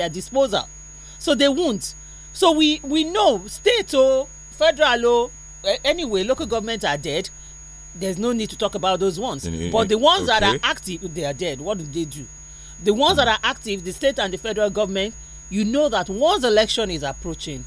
their disposal so they won't so we we know state oh federal oh anyway local governments are dead there's no need to talk about those ones in, in, but the ones okay. that are active they are dead what do they do the ones that are active the state and the federal government you know that once election is approaching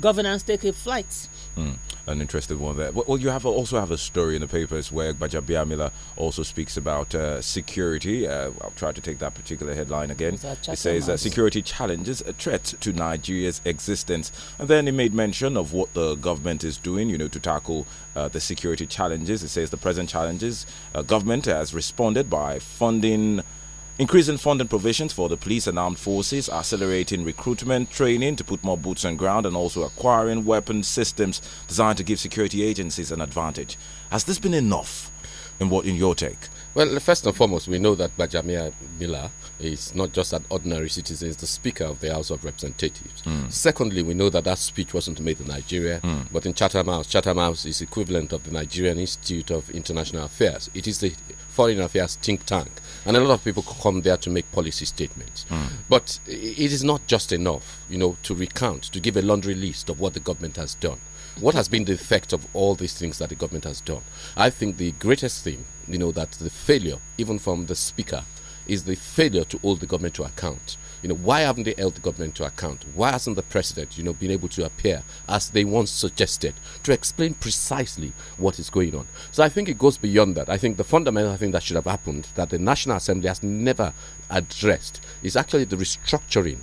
governance take a flight mm an interesting one there. Well, you have also have a story in the papers where Bajabiamila also speaks about uh, security. Uh, I'll try to take that particular headline again. It says uh, security challenges a threat to Nigeria's existence, and then it made mention of what the government is doing, you know, to tackle uh, the security challenges. It says the present challenges uh, government has responded by funding Increasing funding provisions for the police and armed forces, accelerating recruitment, training to put more boots on ground, and also acquiring weapon systems designed to give security agencies an advantage. Has this been enough? In what, in your take? Well, first and foremost, we know that Bajamia Billah is not just an ordinary citizen, he's the Speaker of the House of Representatives. Mm. Secondly, we know that that speech wasn't made in Nigeria, mm. but in Chatham House. Chatham House is equivalent of the Nigerian Institute of International Affairs. It is the Foreign Affairs think tank and a lot of people come there to make policy statements. Mm. But it is not just enough, you know, to recount, to give a laundry list of what the government has done. What has been the effect of all these things that the government has done? I think the greatest thing, you know, that the failure, even from the speaker, is the failure to hold the government to account. You know, why haven't they held the government to account? Why hasn't the president, you know, been able to appear as they once suggested to explain precisely what is going on? So I think it goes beyond that. I think the fundamental thing that should have happened that the National Assembly has never addressed is actually the restructuring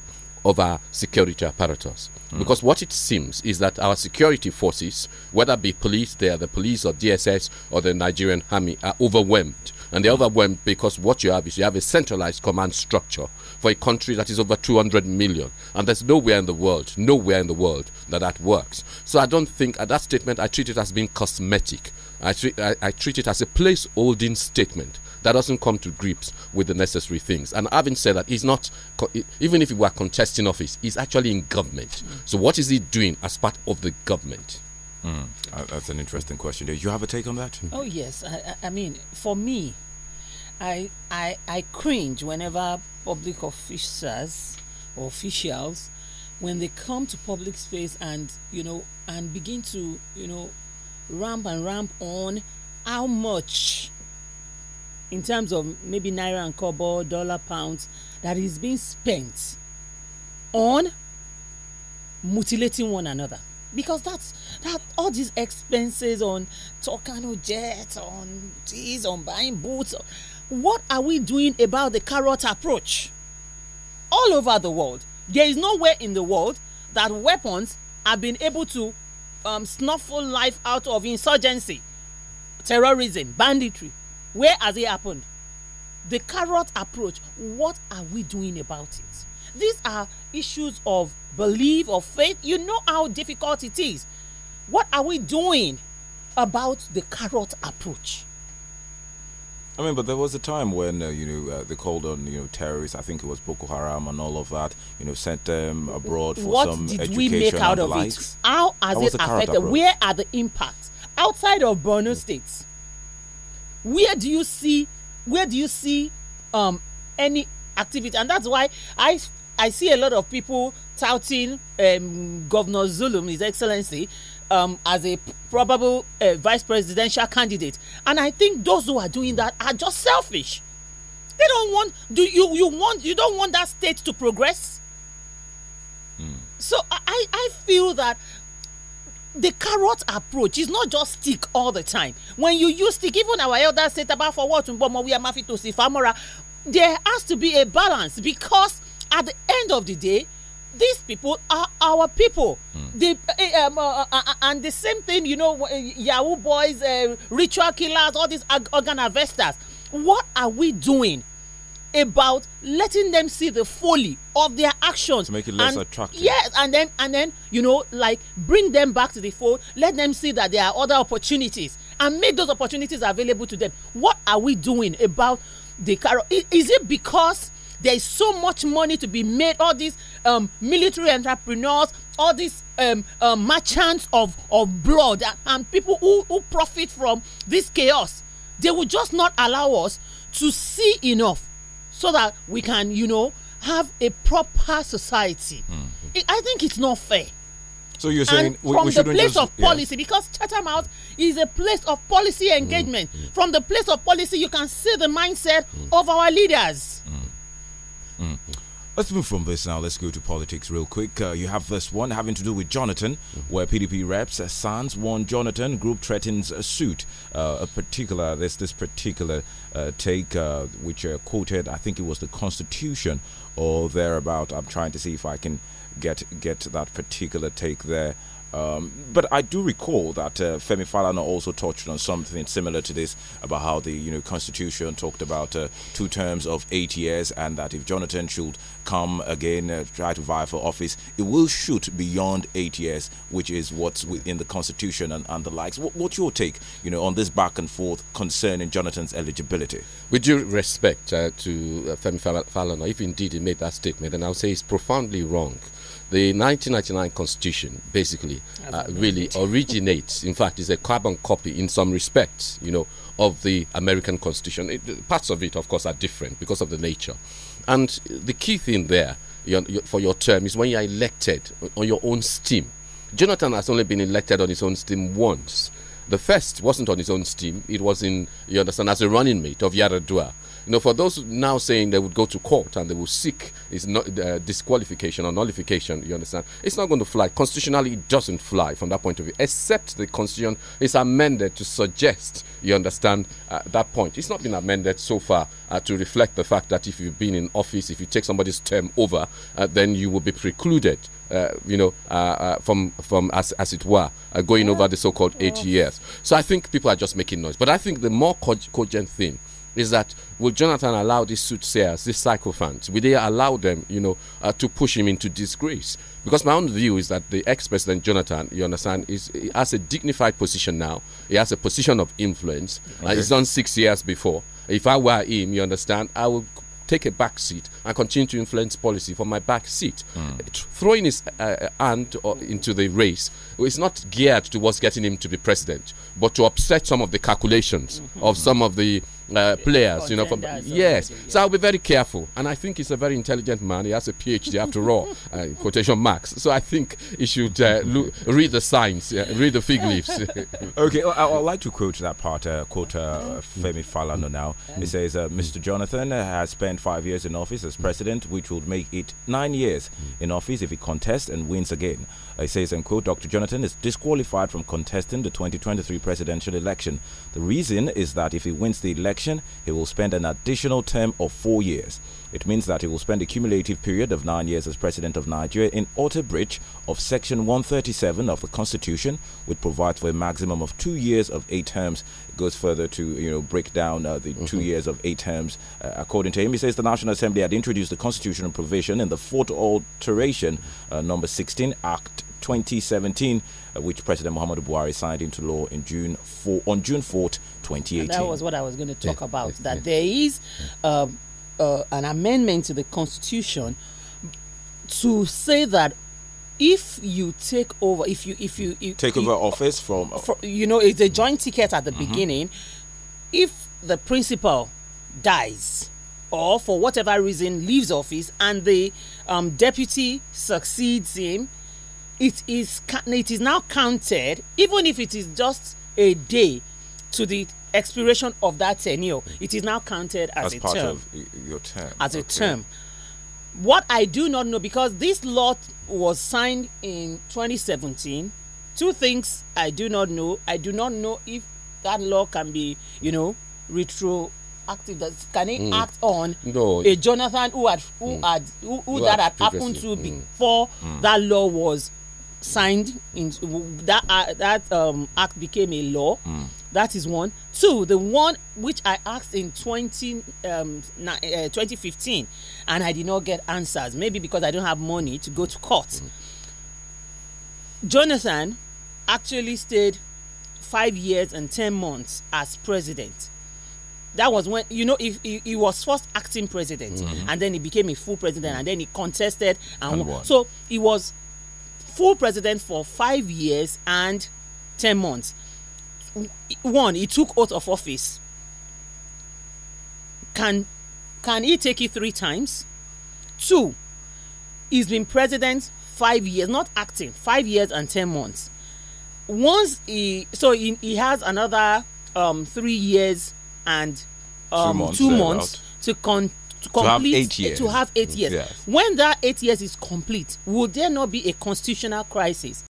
of our security apparatus. Mm. Because what it seems is that our security forces, whether it be police, they are the police or DSS or the Nigerian army, are overwhelmed. And they're hmm. overwhelmed because what you have is you have a centralized command structure for a country that is over 200 million. And there's nowhere in the world, nowhere in the world that that works. So I don't think at uh, that statement, I treat it as being cosmetic. I treat, I, I treat it as a placeholding statement that doesn't come to grips with the necessary things. And having said that, he's not, even if he were contesting office, he's actually in government. So what is he doing as part of the government? Mm. Uh, that's an interesting question. Do you have a take on that? Oh, yes. I, I mean, for me, I, I, I cringe whenever public officers or officials, when they come to public space and, you know, and begin to, you know, ramp and ramp on how much in terms of maybe naira and kobo, dollar, pounds that is being spent on mutilating one another because that's that all these expenses on tokano jet on these on buying boots what are we doing about the carrot approach? All over the world, there is nowhere in the world that weapons have been able to um, snuffle life out of insurgency, terrorism, banditry. Where has it happened? The carrot approach, what are we doing about it? These are issues of belief, or faith. You know how difficult it is. What are we doing about the carrot approach? I mean, but there was a time when uh, you know uh, they called on you know terrorists. I think it was Boko Haram and all of that. You know, sent them abroad for what some education. What did we make out of it? How has it affected? Where are the impacts outside of Borno mm. State? Where do you see? Where do you see um, any activity? And that's why I I see a lot of people touting um, Governor Zulum, His Excellency, um, as a probable uh, vice presidential candidate. And I think those who are doing that are just selfish. They don't want do you you want you don't want that state to progress. Mm. So I I feel that the carrot approach is not just stick all the time. When you use stick, even our elders said about for what we are mafitosi famora, there has to be a balance because at the end of the day, these people are our people. Mm. The, eh, eh, um, uh, uh, uh, and the same thing, you know, eh, Yahoo boys, uh, ritual killers, all these organ harvesters. What are we doing about letting them see the folly of their actions? To make it less and, attractive. Yes, and then and then you know, like bring them back to the fold. Let them see that there are other opportunities and make those opportunities available to them. What are we doing about the car? Is, is it because? There is so much money to be made. All these um, military entrepreneurs, all these um, uh, merchants of, of blood, and, and people who, who profit from this chaos, they will just not allow us to see enough so that we can, you know, have a proper society. Mm. I think it's not fair. So you're saying and we, from we the place just, of policy, yeah. because Chatham House is a place of policy hmm. engagement. Mm. From the place of policy, you can see the mindset mm. of our leaders. Hmm. Mm. Let's move from this now. Let's go to politics real quick. Uh, you have this one having to do with Jonathan, mm -hmm. where PDP reps uh, Sans warned Jonathan group threatens a suit. Uh, a particular this this particular uh, take uh, which uh, quoted. I think it was the Constitution or thereabout. I'm trying to see if I can get get that particular take there. Um, but I do recall that uh, Femi Falana also touched on something similar to this about how the you know constitution talked about uh, two terms of eight years, and that if Jonathan should come again uh, try to vie for office, it will shoot beyond eight years, which is what's within the constitution and, and the likes. What, what's your take, you know, on this back and forth concerning Jonathan's eligibility? With due respect uh, to uh, Femi Falana, if indeed he made that statement, and I'll say it's profoundly wrong. The 1999 Constitution basically uh, really originates, in fact, is a carbon copy in some respects, you know, of the American Constitution. It, parts of it, of course, are different because of the nature. And the key thing there your, your, for your term is when you are elected on your own steam. Jonathan has only been elected on his own steam once. The first wasn't on his own steam, it was in, you understand, as a running mate of Yaradua. You know, for those now saying they would go to court and they will seek is not uh, disqualification or nullification. You understand? It's not going to fly. Constitutionally, it doesn't fly from that point of view, except the constitution is amended to suggest. You understand uh, that point? It's not been amended so far uh, to reflect the fact that if you've been in office, if you take somebody's term over, uh, then you will be precluded. Uh, you know, uh, from from as as it were, going yeah. over the so-called yeah. eight years. So I think people are just making noise. But I think the more cogent thing is that will Jonathan allow these soothsayers, these sycophants, will they allow them, you know, uh, to push him into disgrace? Because my own view is that the ex-president Jonathan, you understand, is has a dignified position now. He has a position of influence. Okay. Uh, he's done six years before. If I were him, you understand, I would take a back seat and continue to influence policy from my back seat. Mm. Throwing his uh, uh hand uh, into the race is not geared towards getting him to be president, but to upset some of the calculations mm -hmm. of some of the uh, players, you know. From, yes. So I'll be very careful. And I think he's a very intelligent man. He has a PhD after all, uh, quotation marks. So I think he should uh, look, read the signs, uh, read the fig leaves. okay, well, I, would like to quote that part, uh, quote uh, Femi Falana now. It mm. says, Mr. Jonathan has spent five years in office as president, which would make it nine years mm. in office if he contests and wins again. It says, and quote, Dr. Jonathan is disqualified from contesting the 2023 presidential election. The reason is that if he wins the election, he will spend an additional term of four years. It means that he will spend a cumulative period of nine years as president of Nigeria in utter breach of Section 137 of the Constitution, which provides for a maximum of two years of eight terms. It goes further to you know break down uh, the mm -hmm. two mm-hmm. years of eight terms. Uh, according to him, he says the National Assembly had introduced the constitutional provision in the fourth alteration, uh, number 16 Act 2017, uh, which President Muhammadu Buhari signed into law in June 4, on June 4th, 2018. And that was what I was going to talk yeah, about, yeah, that yeah. there is uh, uh, an amendment to the Constitution to say that if you take over if you if you, you take over office from, uh, you know it's a joint ticket at the mm -hmm. beginning if the principal dies or for whatever reason leaves office and the um, deputy succeeds him it is it is now counted even if it is just a day to the expiration of that tenure it is now counted as, as a term your term as okay. a term what i do not know because this law was signed in 2017 two things i do not know i do not know if that law can be you know retro active that can he mm. act on no. a Jonathan who had who mm. had who, who, who that had, happened to mm. before hmm. that law was signed in that uh, that um, act became a law. Mm. That is one. Two, the one which I asked in 20, um, uh, 2015 and I did not get answers, maybe because I don't have money to go to court. Mm. Jonathan actually stayed five years and 10 months as president. That was when, you know, if he, he, was first acting president mm -hmm. and then he became a full president and then he contested and, and So he was full president for five years and 10 months. One, he took oath of office. Can, can he take it three times? Two, he's been president five years, not acting, five years and 10 months. Once he, so he, he has another um, three years and um, two months, two months to continue to complete to have eight years. Have eight years. Yes. When that eight years is complete, will there not be a constitutional crisis?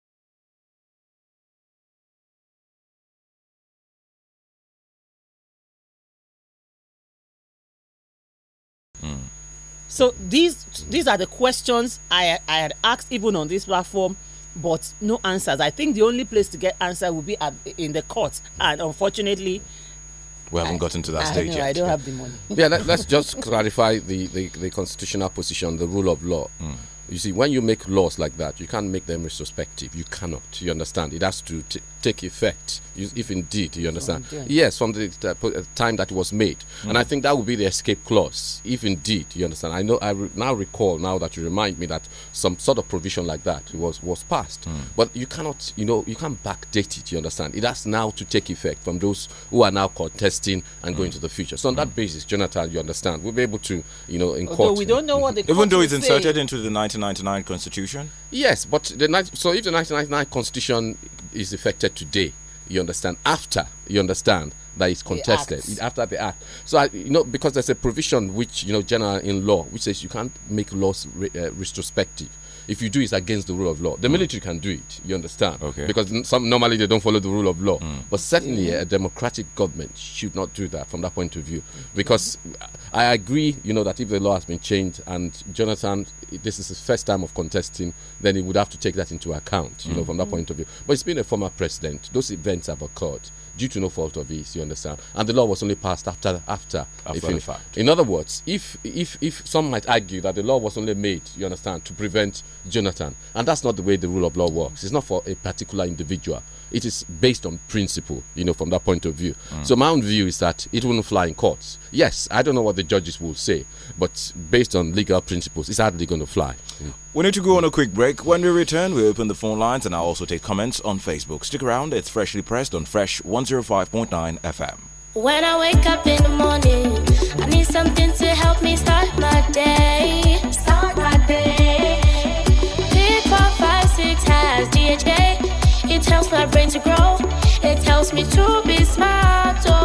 So these these are the questions I I had asked even on this platform, but no answers. I think the only place to get answer will be at, in the court, and unfortunately, we haven't I, gotten to that I stage know, yet. I don't yeah. have the money. yeah, let, us just clarify the, the, the, constitutional position, the rule of law. Mm. You see, when you make laws like that, you can't make them retrospective. You cannot. You understand? It has to take effect, if indeed you understand. yes, from the uh, time that it was made. Mm. And I think that would be the escape clause, if indeed you understand. I know I re now recall now that you remind me that some sort of provision like that was was passed. Mm. But you cannot, you know, you can't backdate it. You understand? It has now to take effect from those who are now contesting and mm. going to the future. So on that mm. basis, Jonathan, you understand, we'll be able to, you know, in Although court. we don't know what the even though it's inserted say. into the 1999 Constitution. Yes, but the so if the 1999 Constitution is effected today. You understand? After you understand that is contested the after the act. So I, you know because there's a provision which you know general in law which says you can't make laws re uh, retrospective if you do it's against the rule of law the mm. military can do it you understand okay because some normally they don't follow the rule of law mm. but certainly a democratic government should not do that from that point of view mm. because i agree you know that if the law has been changed and jonathan this is his first time of contesting then he would have to take that into account you know mm. from that point of view but it's been a former president those events have occurred due to no fault of his. You understand? And the law was only passed after after, after the fact. In other words, if if if some might argue that the law was only made, you understand, to prevent Jonathan, and that's not the way the rule of law works. It's not for a particular individual it is based on principle, you know, from that point of view. Mm. So my own view is that it wouldn't fly in courts. Yes, I don't know what the judges will say, but based on legal principles, it's hardly going to fly. Mm. We need to go on a quick break. When we return, we open the phone lines and I'll also take comments on Facebook. Stick around, it's freshly pressed on Fresh 105.9 FM. When I wake up in the morning, I need something to help me start my day. Start my day. Pick 456 has DHA. It helps my brain to grow. It helps me to be smarter.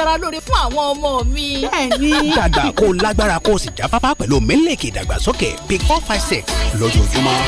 aṣara lóore fún àwọn ọmọ mi. bẹ́ẹ̀ni. dàgbà kó lágbára kó sì jáfáfá pẹ̀lú mílíkì ìdàgbàsókè big four five six lójoojúmọ́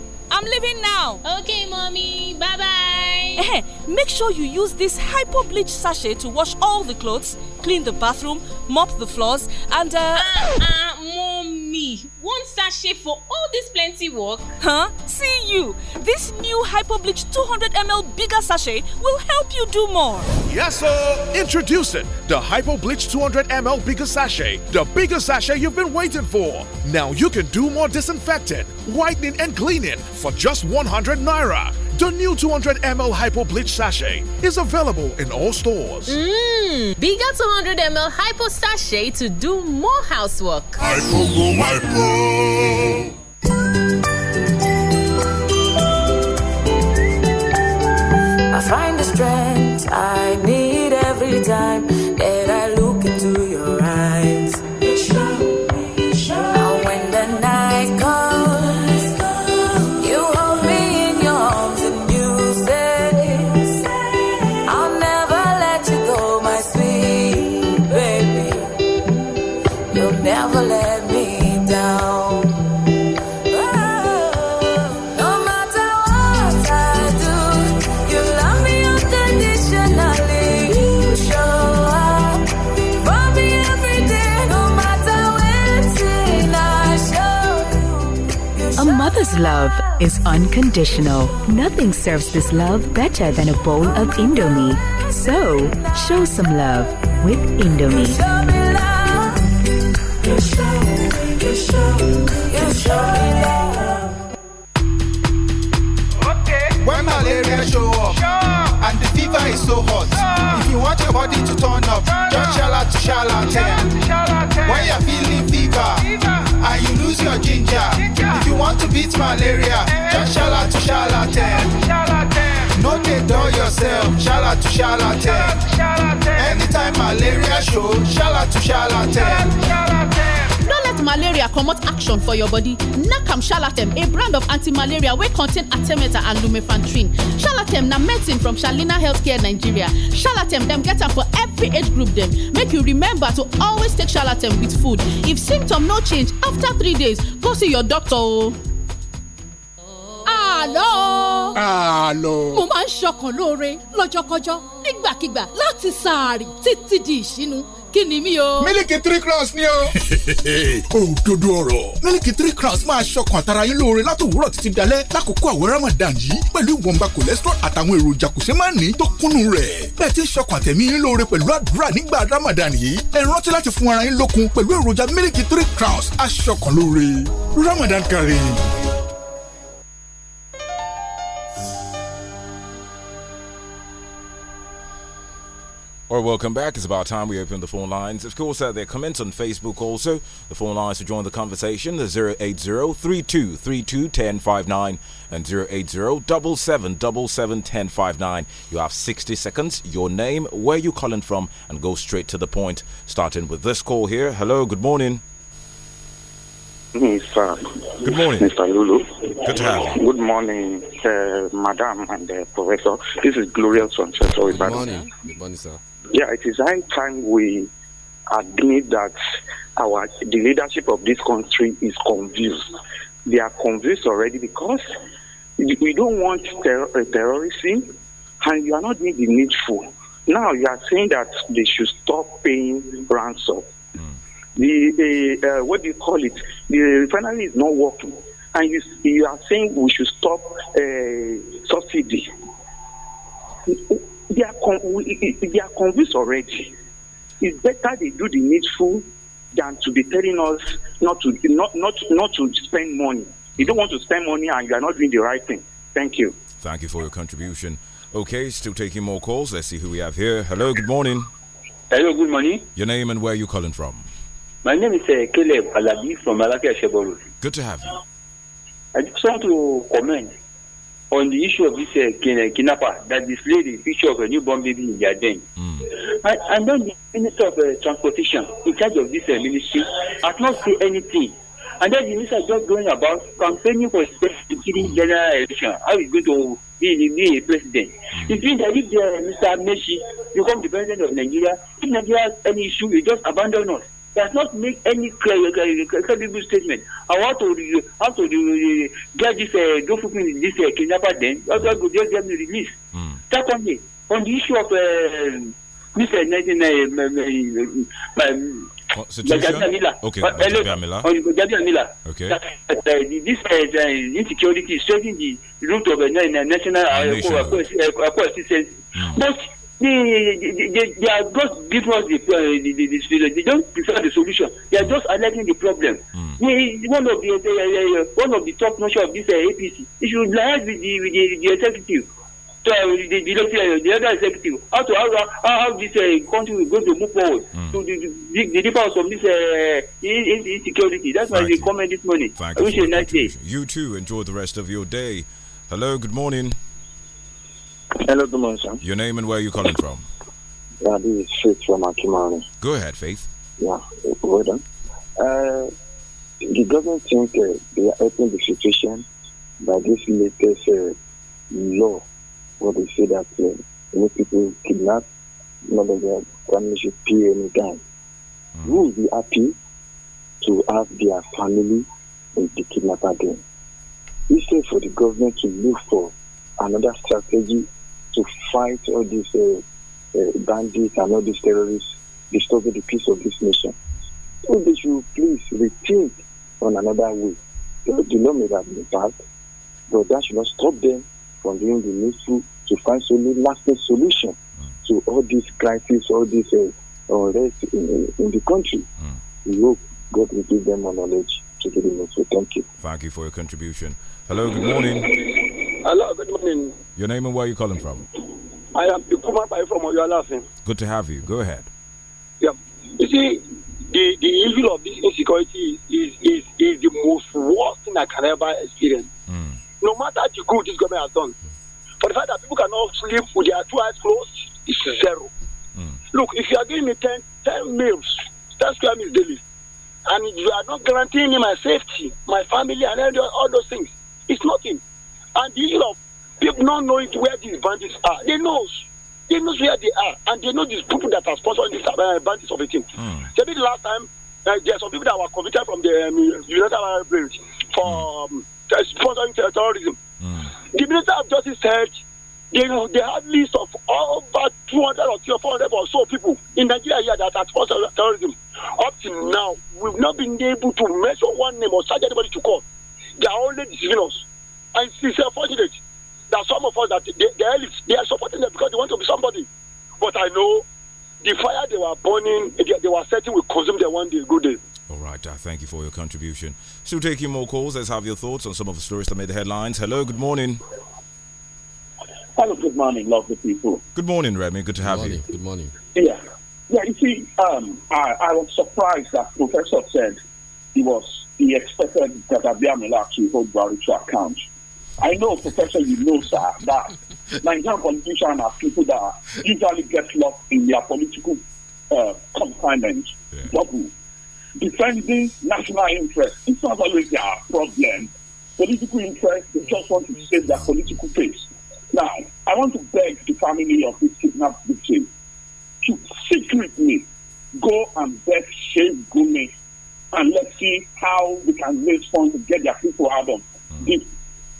I'm leaving now. Okay, mommy. Bye bye. Eh, make sure you use this hypo bleach sachet to wash all the clothes, clean the bathroom, mop the floors, and uh. Uh, uh mommy. One sachet for all this plenty work? Huh? See you! This new Hyperbleach 200ml bigger sachet will help you do more! Yes, sir! Introducing the Hyperbleach 200ml bigger sachet, the bigger sachet you've been waiting for. Now you can do more disinfecting, whitening, and cleaning for just 100 naira. The new 200 ml Hypo Bleach Sachet is available in all stores. Mmm, bigger 200 ml Hypo Sachet to do more housework. Hypo, go, hypo. I find the strength I need every time love is unconditional. Nothing serves this love better than a bowl of Indomie. So, show some love with Indomie. Okay. When malaria show up and the fever is so hot, if you want your body to turn up, turn just shout out to charlatan. When you're feeling fever and ah, you lose your ginger. ginger. If you want to beat malaria, eh. just shala to charlatan. No dey dull yourself, shala to charlatan. Anytime malaria show, shala to charlatan. malaria comot action for your body nakam shalatem a brand of anti-malaria wey contain artemata and lumefantrine shalatem na medicine from Charlina healthcare nigeria shalatem dem get am for every age group dem make you remember to always take shalatem with food if symptom no change after three days go see your doctor o. àlọ́. àlọ́. mo máa ń ṣọkàn lóore lọ́jọ́kọjọ́ nígbàkigbà láti sáàrì títí di ìṣínú kí ni mí o. mílìkì three crowns ni o. òdodo ọ̀rọ̀ mílìkì three crowns máa ṣọkàn àtàrà yín lóore látòwúrọ̀ títí dalẹ́ lákòókò àwẹ̀ ramadan yìí pẹ̀lú ìwọ̀nba cholesterol àtàwọn èròjà kò ṣe máa ní tó kúnnú rẹ̀. bẹ́ẹ̀ ti ń ṣọkàn àtẹ̀mí yín lóore pẹ̀lú àdúrà nígbà ramadan yìí ẹ rántí láti fún ara yín lókun pẹ̀lú èròjà mílìkì three crowns aṣọkàn lóore ramadan kari. All right, welcome back. It's about time we open the phone lines. Of course, uh, there are comments on Facebook also. The phone lines to join the conversation are 80 and 80 777 You have 60 seconds, your name, where you calling from, and go straight to the point, starting with this call here. Hello, good morning. Mr. Good morning. Mr. Lulu. Good to have you. Good morning, uh, Madam and uh, Professor. This is Gloria Sanchez. Good morning. Good morning, sir. Yeah, it is high time we admit that our the leadership of this country is confused. They are confused already because we don't want ter- uh, terrorism, and you are not in the needful. Now you are saying that they should stop paying ransom. Mm. The uh, uh, what do you call it? The refinery is not working, and you you are saying we should stop uh, subsidy they are, we, they are convinced already. It's better they do the needful than to be telling us not to not not not to spend money. You don't want to spend money and you are not doing the right thing. Thank you. Thank you for your contribution. Okay, still taking more calls. Let's see who we have here. Hello, good morning. Hello, good morning. Your name and where are you calling from? My name is uh, Caleb Alabi from Alakia Sheboru. Good to have you. I just want to comment on the issue of this uh, uh kidnapper that displayed the picture of a newborn baby in their den. Mm. And, and, then the Minister of uh, Transportation, in charge of this uh, ministry, has not said anything. And then the minister is just going about campaigning for president general election, how he's going to be, be a president. Hmm. It means that if the, uh, Mr. Meshi becomes the president of Nigeria, if Nigeria has any issue, he just abandon us. He has not made any uh, clear, credible statement. I want to how to uh, get this uh, Dofupin, this uh, kidnapper then. Just get them released. Mm. Secondly, on the issue of uh, Mr. Uh, nineteen, uh, uh um, okay, uh, Amila. okay. this insecurity is threatening the root of a national uh, assistance. they, they, they, are just giving us the, uh, the, the, the, they don't prefer the solution. They are just highlighting the problem. Mm. We, one of the, the uh, uh, uh, one of the top notch of this uh, APC, it should liaise with the, with the, the executive, to, uh, the, the, the, uh, the other executive, how to how, how, how this uh, country is going to move forward mm. to the, the, the difference from this uh, insecurity. That's Thank why we comment this morning. Thank I wish you a nice day. You too. Enjoy the rest of your day. Hello. Good morning. Hello, good morning, sir. Your name and where are you calling from? Yeah, this is Faith from Akimani. Go ahead, Faith. Yeah, well done. Uh, the government think uh, they are helping the situation by this latest uh, law where they say that uh, when people kidnap, none of their family should pay any time. Mm. Who will be happy to have their family with the kidnapper then? Instead for the government to look for another strategy to fight all these uh, uh, bandits and all these terrorists disturbing the peace of this nation. So they should please rethink on another way. The, the law may have been passed, but that should not stop them from doing the needful to find some lasting solution to all these crises, all these uh, unrest in, in, the country. Mm. We hope God will give them knowledge to do the needful. Thank you. Thank you for your contribution. Hello, good morning. Hello, good morning. Your name and where you calling from? I am Ikuma Bai from Oyalafin. Good to have you. Go ahead. Yeah. You see, the, the evil of this insecurity is, is, is the most worst thing I can ever experience. Mm. No matter the good this government has done, but the fact that people cannot sleep with their two eyes closed is zero. Mm. Look, if you are giving me 10, 10 meals, 10 square meals daily, and you are not guaranteeing me my safety, my family, and all those things, it's nothing. And the issue of people not knowing where these bandits are, they know. They know where they are, and they know these people that are sponsoring these uh, bandits of a team. Mm. So, the last time, uh, there are some people that were convicted from the um, United Arab Emirates for mm. um, uh, sponsoring terrorism. Mm. The Minister of Justice said they, they had list of over 200 or 400 or so people in Nigeria here that are sponsoring terrorism. Up till now, we've not been able to measure one name or charge anybody to court. They are only deceiving us. And it's unfortunate that some of us that they, the elites they are supporting them because they want to be somebody. But I know the fire they were burning, they, they were setting will consume them one day, good day. All right, uh, thank you for your contribution. Still taking more calls. Let's have your thoughts on some of the stories that made the headlines. Hello, good morning. Hello, good morning, lovely people. Good morning, Remy. Good to have good you. Good morning. Yeah, yeah. You see, um, I, I was surprised that Professor said he was he expected that Abiyamila to hold Barry to account I know, Professor, you know, sir, that Nigerian politicians are people that usually get locked in their political uh, confinement yeah. Defending national interest, it's not always their problem. Political interest, they just want to save their political face. Now, I want to beg the family of this kidnapped victim to secretly go and beg Sheikh Gumi and let's see how we can raise funds to get their people out of hmm. this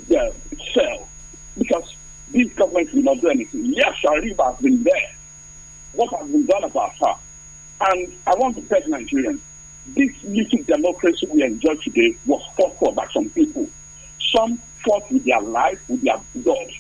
the sell because these governments will not do anything. Yes, Shariba has been there. What has been done about her? And I want to tell Nigerians, this little democracy we enjoy today was fought for by some people. Some fought with their life, with their blood.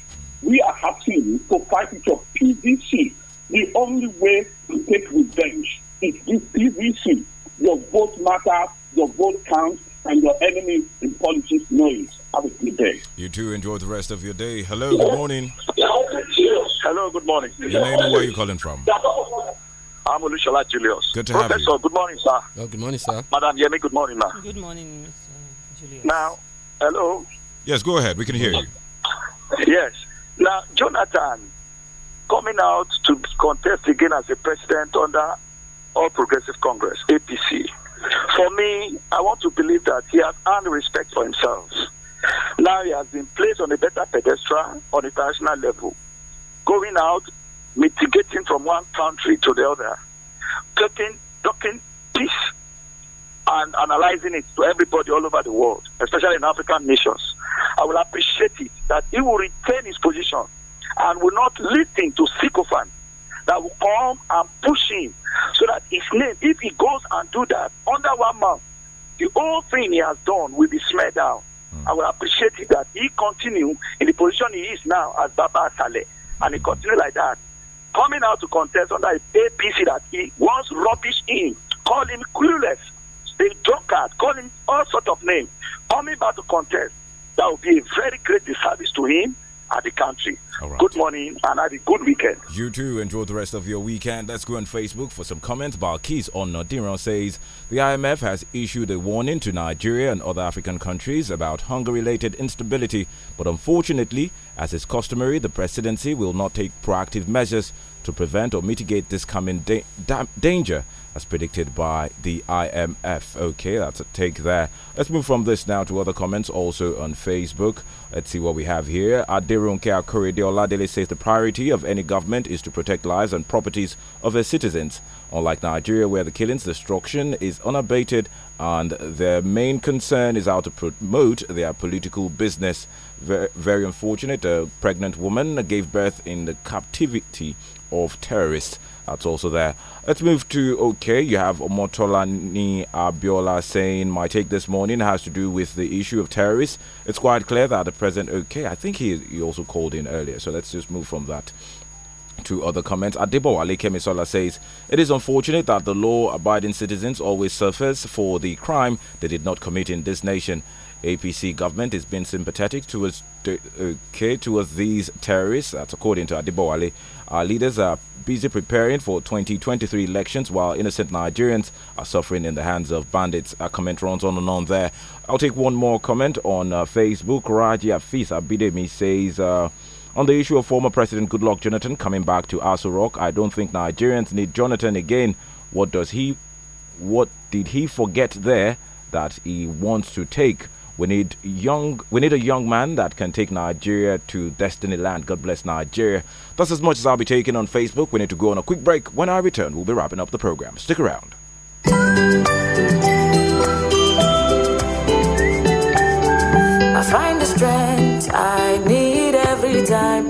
We are having to fight with your PVC. The only way to take revenge is this PVC. Your vote matters, your vote counts, and your enemy in politics knows. Have a good day. You too. Enjoy the rest of your day. Hello. Good morning. Hello. Good morning. Your name and where are you calling from? I'm Olushola Julius. Good to Professor, have you. good morning, sir. Oh, good morning, sir. Madam Yemi, good morning, ma'am. Good morning, Mr. Julius. Now, hello. Yes, go ahead. We can hear you. Yes. Now, Jonathan, coming out to contest again as a president under All Progressive Congress, APC. For me, I want to believe that he has earned respect for himself. Now he has been placed on a better pedestal on international level, going out, mitigating from one country to the other, talking, talking peace and analyzing it to everybody all over the world, especially in African nations. I will appreciate it that he will retain his position and will not listen to sycophants that will come and push him so that his name, if he goes and do that under one month, the whole thing he has done will be smeared down. Hmm. I will appreciate it that he continue in the position he is now as Baba Saleh and he continue like that. Coming out to contest under a APC that he was rubbish in, call him clueless, a drunkard, call him all sort of names. Coming back to contest, that will be a very great disservice to him and the country. Right. Good morning and have a good weekend. You too. Enjoy the rest of your weekend. Let's go on Facebook for some comments. Balkis on Nodiro says the IMF has issued a warning to Nigeria and other African countries about hunger related instability, but unfortunately, as is customary, the presidency will not take proactive measures to prevent or mitigate this coming da da danger as predicted by the IMF. Okay, that's a take there. Let's move from this now to other comments also on Facebook. Let's see what we have here. Adirunke Akure de says the priority of any government is to protect lives and properties of its citizens. Unlike Nigeria, where the killings, destruction is unabated, and their main concern is how to promote their political business. Very, very unfortunate. A pregnant woman gave birth in the captivity of terrorists. That's also there. Let's move to okay. You have Motolani Abiola saying, My take this morning has to do with the issue of terrorists. It's quite clear that the president, okay, I think he, he also called in earlier. So let's just move from that to other comments. Ali Kemisola says, It is unfortunate that the law abiding citizens always suffers for the crime they did not commit in this nation. APC government is being sympathetic towards okay towards these terrorists. That's according to Ali. Our leaders are busy preparing for 2023 elections while innocent Nigerians are suffering in the hands of bandits. A comment runs on and on there. I'll take one more comment on uh, Facebook. Raji Afis Abidemi says, uh, on the issue of former President Goodluck Jonathan coming back to Aso Rock, I don't think Nigerians need Jonathan again. What does he, what did he forget there that he wants to take? We need young, we need a young man that can take Nigeria to destiny land. God bless Nigeria. That's as much as I'll be taking on Facebook. We need to go on a quick break. When I return, we'll be wrapping up the program. Stick around. I find the strength I need every time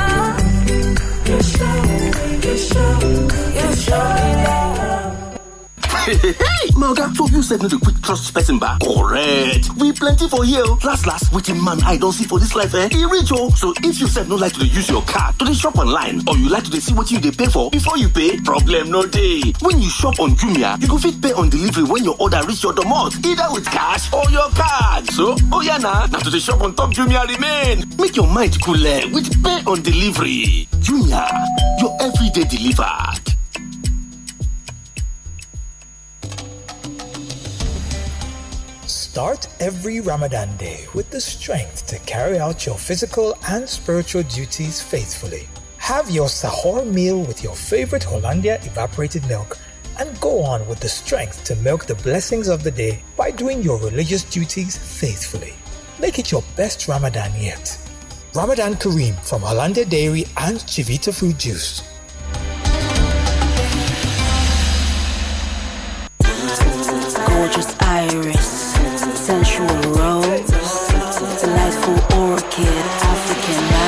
my oga so you said no dey quick trust person ba correct we plenty for here oh. last last which man I don't see for this life eh e reach o oh. so if you said no like to use your card to the shop online or you like to see what you they pay for before you pay problem no day. when you shop on jumia you go fit pay on delivery when your order reach your domot either with cash or your card so oh yeah na now to the shop on top jumia remain make your mind cooler eh, with pay on delivery jumia your everyday delivered. Start every Ramadan day with the strength to carry out your physical and spiritual duties faithfully. Have your sahur meal with your favorite Hollandia evaporated milk and go on with the strength to milk the blessings of the day by doing your religious duties faithfully. Make it your best Ramadan yet. Ramadan Kareem from Hollandia Dairy and Chivita Fruit Juice. Gorgeous Iris sensual rose, delightful orchid, African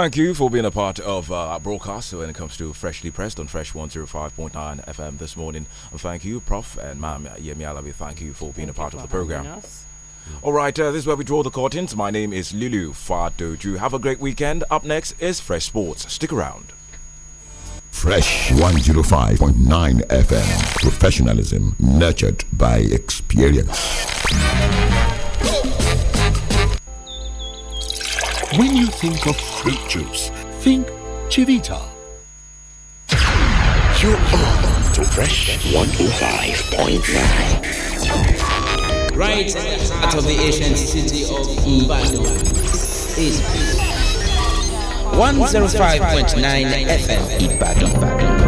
Thank you for being a part of uh, our broadcast when it comes to Freshly Pressed on Fresh 105.9 FM this morning. thank you, Prof. and Ma'am Yemi Alabi. Thank you for being a part of the program. All right, uh, this is where we draw the curtains. My name is Lulu Fadoju. Have a great weekend. Up next is Fresh Sports. Stick around. Fresh 105.9 FM. Professionalism nurtured by experience. When you think of fruit juice, think Chivita. You're on to Fresh 105.9. Right out of the ancient city of Ibadan is 105.9 FM Ibadan.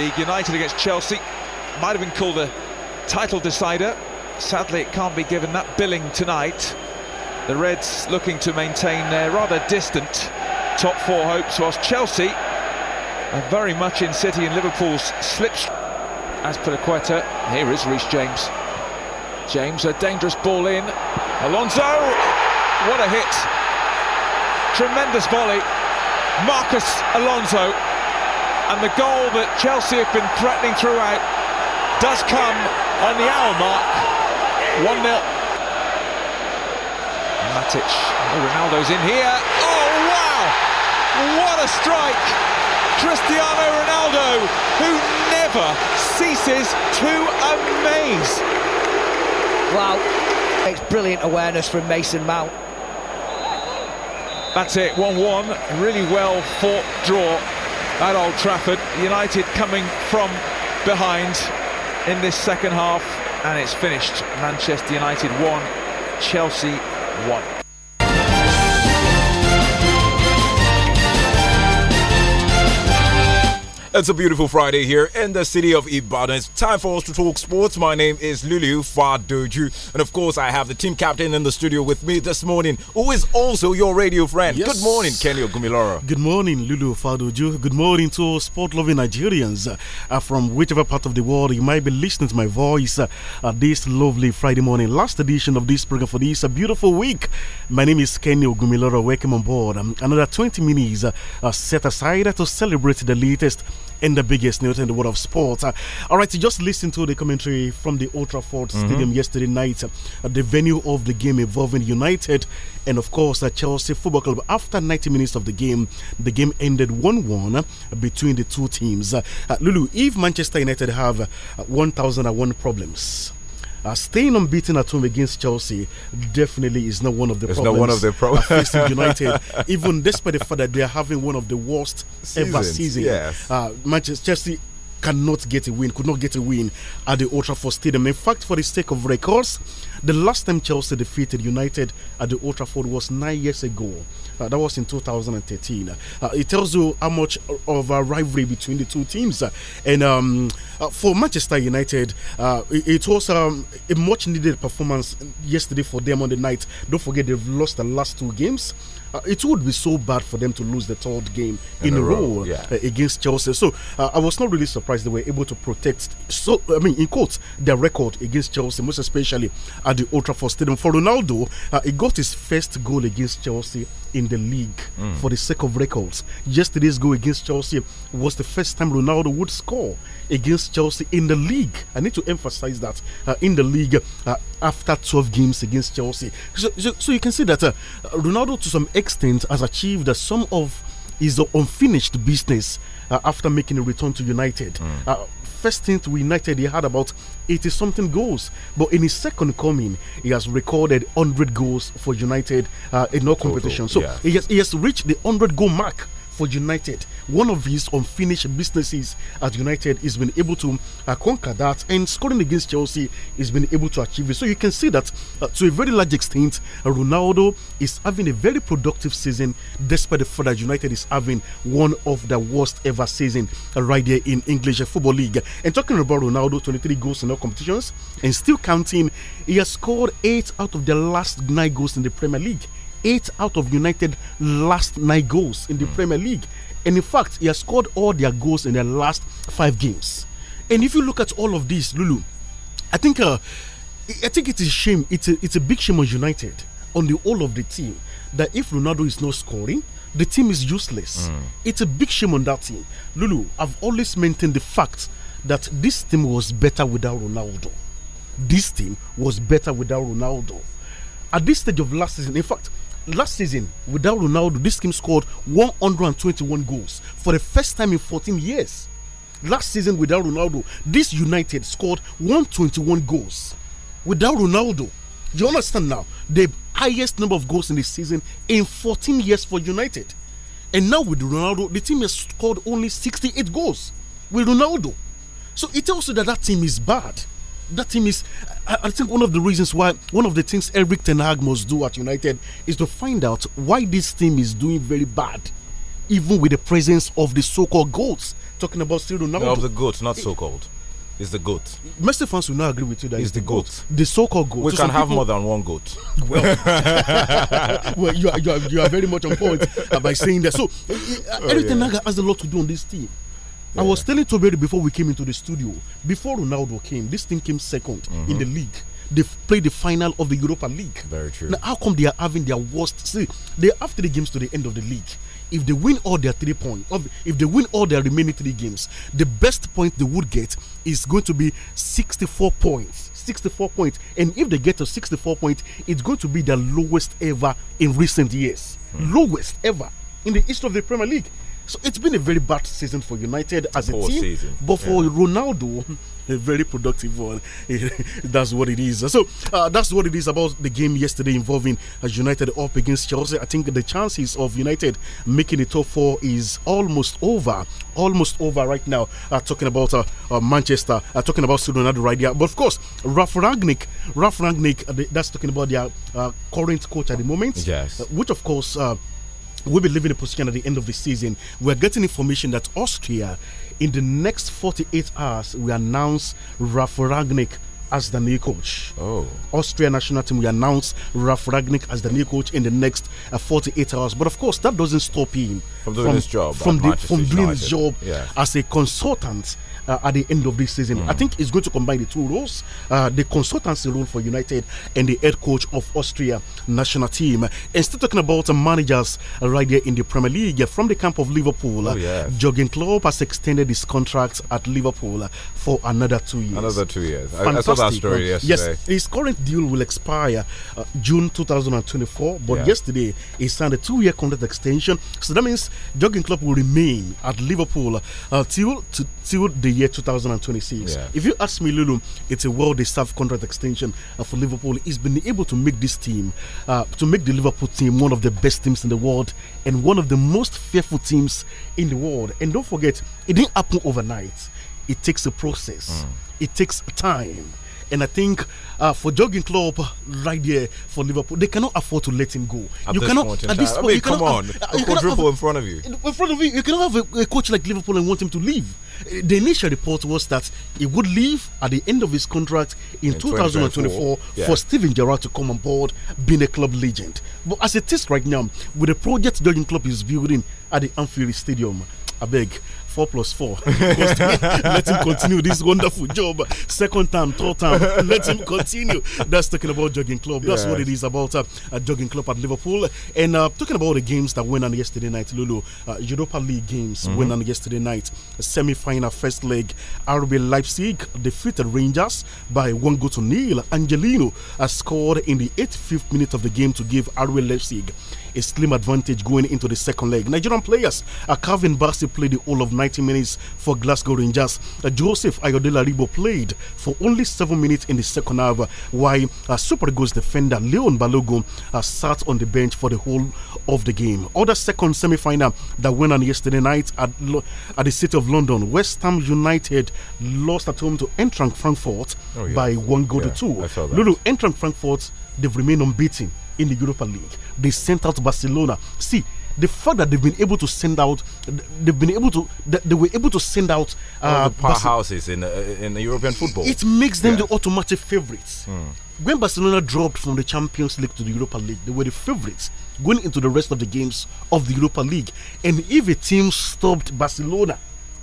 League, United against Chelsea. Might have been called a title decider. Sadly, it can't be given that billing tonight. The Reds looking to maintain their rather distant top four hopes, whilst Chelsea are very much in City and Liverpool's slipstream. As per Quetta, here is Reece James. James, a dangerous ball in. Alonso, what a hit. Tremendous volley. Marcus Alonso and the goal that Chelsea have been threatening throughout does come on the hour mark. 1-0. Matic. Oh, Ronaldo's in here. Oh, wow! What a strike! Cristiano Ronaldo, who never ceases to amaze. Wow. It's brilliant awareness from Mason Mount. That's it, 1-1. Really well fought draw at Old Trafford. United coming from behind in this second half, and it's finished. Manchester United 1, Chelsea 1. It's a beautiful Friday here in the city of Ibadan. It's time for us to talk sports. My name is Lulu Fadoju. And of course, I have the team captain in the studio with me this morning, who is also your radio friend. Yes. Good morning, Kenny Ogumiloro. Good morning, Lulu Fadoju. Good morning to sport loving Nigerians uh, from whichever part of the world you might be listening to my voice uh, this lovely Friday morning. Last edition of this program for this uh, beautiful week. My name is Kenny Ogumiloro. Welcome on board. Um, another 20 minutes uh, uh set aside to celebrate the latest. In the biggest news in the world of sports. Uh, all right, so just listen to the commentary from the Old Trafford mm -hmm. Stadium yesterday night at uh, the venue of the game involving United and, of course, the uh, Chelsea Football Club. After 90 minutes of the game, the game ended 1 1 uh, between the two teams. Lulu, if Manchester United have 1,001 problems, uh, staying unbeaten at home against Chelsea definitely is not one of the it's problems. not one of the problems uh, facing United, even despite the fact that they are having one of the worst Seasons, ever seasons. Yes. Uh, Manchester Chelsea cannot get a win, could not get a win at the Old Trafford Stadium. In fact, for the sake of records, the last time Chelsea defeated United at the Old Trafford was nine years ago. Uh, that was in 2013. Uh, it tells you how much of a rivalry between the two teams. Uh, and um, uh, for Manchester United, uh, it, it, was um, a much needed performance yesterday for them on the night. Don't forget, they've lost the last two games. Uh, it would be so bad for them to lose the third game in, in a, row, row yeah. uh, against Chelsea. So uh, I was not really surprised they were able to protect. So I mean, in quotes, their record against Chelsea, most especially at the Ultra Trafford Stadium. For Ronaldo, he got his first goal against Chelsea in the league mm. for the sake of records. Yesterday's goal against Chelsea was the first time Ronaldo would score against Chelsea in the league. I need to emphasize that uh, in the league uh, after 12 games against Chelsea. So, so, so you can see that uh, Ronaldo, to some extent, has achieved some of his unfinished business uh, after making a return to United. Mm. Uh, first stint with United, he had about 80 something goals. But in his second coming, he has recorded 100 goals for United uh, in all competition. So yeah. he, has, he has reached the 100 goal mark for United. One of his unfinished businesses at United has been able to uh, conquer that, and scoring against Chelsea has been able to achieve it. So you can see that uh, to a very large extent, Ronaldo is having a very productive season, despite the fact that United is having one of the worst ever season right there in English Football League. And talking about Ronaldo, 23 goals in all competitions, and still counting, he has scored eight out of the last nine goals in the Premier League eight out of United last nine goals in the hmm. Premier League. And in fact, he has scored all their goals in the last five games. And if you look at all of this, Lulu, I think uh, I think it is a shame. It's a, it's a big shame on United, on the whole of the team, that if Ronaldo is not scoring, the team is useless. Mm. It's a big shame on that team. Lulu, I've always maintained the fact that this team was better without Ronaldo. This team was better without Ronaldo. At this stage of last season, in fact, last season, without Ronaldo, this team scored 121 goals for the first time in 14 years. Last season, without Ronaldo, this United scored 121 goals. Without Ronaldo, you understand now, the highest number of goals in the season in 14 years for United. And now with Ronaldo, the team has scored only 68 goals with Ronaldo. So it tells you that that team is bad. That team is I, I, think one of the reasons why, one of the things Eric Ten Hag must do at United is to find out why this team is doing very bad, even with the presence of the so called goats. Talking about still Ronaldo. No, of the goats, not so called. It's the goat. Messi fans will not agree with you that it's, the, the goat. goat. The so-called goat. We so can have people... more than one goat. well, well you, are, you, are, you are very much on point uh, by saying that. So, uh, oh, Eric yeah. has a lot to do on this team. Yeah. I was telling Toberi before we came into the studio, before Ronaldo came, this thing came second mm -hmm. in the mm-hmm. league. They played the final of the Europa League. Very true. Now, how come they are having their worst? See, they have three games to the end of the league. If they win all their three points, if they win all their remaining three games, the best point they would get is going to be 64 points. 64 points. And if they get to 64 points, it's going to be the lowest ever in recent years. Mm. Lowest ever in the history of the Premier League. So it's been a very bad season for United as a team, season. but for yeah. Ronaldo, a very productive one. that's what it is. So uh, that's what it is about the game yesterday involving United up against Chelsea. I think the chances of United making the top four is almost over, almost over right now. Uh, talking about uh, uh, Manchester, uh, talking about Ronaldo right here, but of course Raf Ragnick, Raf Ragnick. Uh, that's talking about their uh, current coach at the moment. Yes, uh, which of course we will be leaving the position at the end of the season. We're getting information that Austria, in the next 48 hours, will announce Raf Ragnick as the new coach. Oh. Austria national team will announce Raf Ragnick as the new coach in the next uh, 48 hours. But of course, that doesn't stop him from doing from, his job. From, the, from doing his job as a consultant uh, at the end of this season. Mm. I hmm. think he's going to combine the two roles uh, the consultancy role for United and the head coach of Austria national team. And still talking about managers right there in the Premier League from the camp of Liverpool. Oh, yes. Jurgen Klopp has extended his contract at Liverpool for another two years. Another two years. Fantastic. I, saw that story yesterday. Yes, his current deal will expire uh, June 2024, but yeah. yesterday he signed a two-year contract extension. So that means Jogging Club will remain at Liverpool uh, till to, till the year 2026. Yeah. If you ask me, Lulu, it's a well-deserved contract extension uh, for Liverpool. He's been able to make this team, uh, to make the Liverpool team one of the best teams in the world and one of the most fearful teams in the world. And don't forget, it didn't happen overnight it takes a process, mm. it takes time. And I think uh, for jogging club right there for Liverpool, they cannot afford to let him go. At you cannot at this point. I mean, you come on, uh, have, you quadruple in front of you. In front of you, you cannot have a, a, coach like Liverpool and want him to leave. Uh, the initial report was that he would leave at the end of his contract in, in 2024 yeah. for Steven Gerrard to come on board, being a club legend. But as it is right now, with the project jogging club is building at the Anfield Stadium I beg four plus four. let him continue this wonderful job. Second time, third time, let him continue. That's talking about jogging club. That's yes. what it is about uh, a jogging club at Liverpool. And uh, talking about the games that went on yesterday night, Lulu, uh, Europa League games mm -hmm. went on yesterday night. Semi final, first leg, RB Leipzig defeated Rangers by one goal to nil. Angelino uh, scored in the 85th minute of the game to give RB Leipzig a slim advantage going into the second leg. Nigerian players, uh, Calvin Barsi played the whole of 90 minutes for Glasgow Rangers. Uh, Joseph Ayodele Ribo played for only 7 minutes in the second half, while uh, Super Eagles defender Leon Balogun uh, sat on the bench for the whole of the game. Other second semi final that went on yesterday night at, at the City of London, West Ham United lost at home to Eintracht Frankfurt oh, yeah. by one goal yeah, to two. Lulu, Eintracht Frankfurt They've remained unbeaten in the Europa League. They sent out Barcelona. See, the fact that they've been able to send out, they've been able to, they were able to send out uh, the powerhouses in uh, in European football. It makes them yeah. the automatic favorites. Mm. When Barcelona dropped from the Champions League to the Europa League, they were the favorites going into the rest of the games of the Europa League. And if a team stopped Barcelona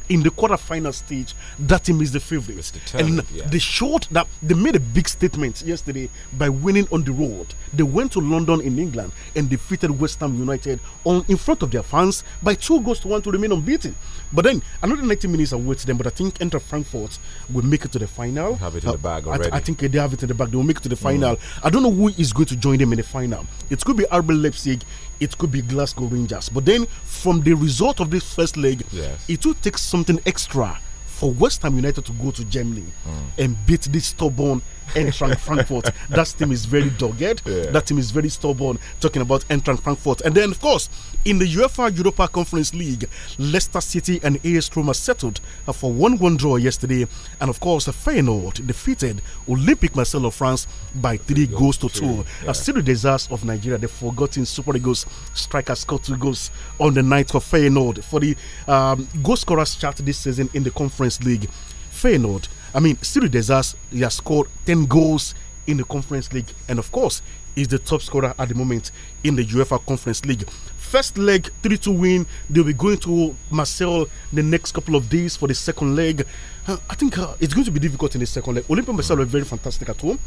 in the quarterfinal stage, that team is the favorite. and yeah. they showed that they made a big statement yesterday by winning on the road. They went to London in England and defeated West Ham United on in front of their fans by two goals to one to remain unbeaten. But then another 90 minutes I to them. But I think Enter Frankfurt will make it to the final. Have it in uh, the bag uh, already. I, I, think they have it in the bag. They will make it to the final. Mm. I don't know who is going to join them in the final. It could be RB Leipzig. It could be Glasgow Rangers. But then from the result of this first leg, yes. it will take something extra for West Ham United to go to Germany mm. and beat this stubborn Eintracht Frankfurt. that team is very dogged. Yeah. That team is very stubborn. Talking about Eintracht Frankfurt, and then of course in the UEFA Europa Conference League, Leicester City and AS Roma settled for one-one draw yesterday, and of course Feyenoord defeated Olympic Marseille of France by three goals to two. Yeah. Uh, still the disaster of Nigeria, the forgotten Super Eagles striker scored two goals on the night of Feyenoord for the um, goal scorers chart this season in the Conference League. Feyenoord I mean, Cyril Desas, he has scored 10 goals in the Conference League. And of course, is the top scorer at the moment in the UEFA Conference League. First leg, 3 2 win. They'll be going to Marseille the next couple of days for the second leg. Uh, I think uh, it's going to be difficult in the second leg. Olympic Marseille mm. are very fantastic at home.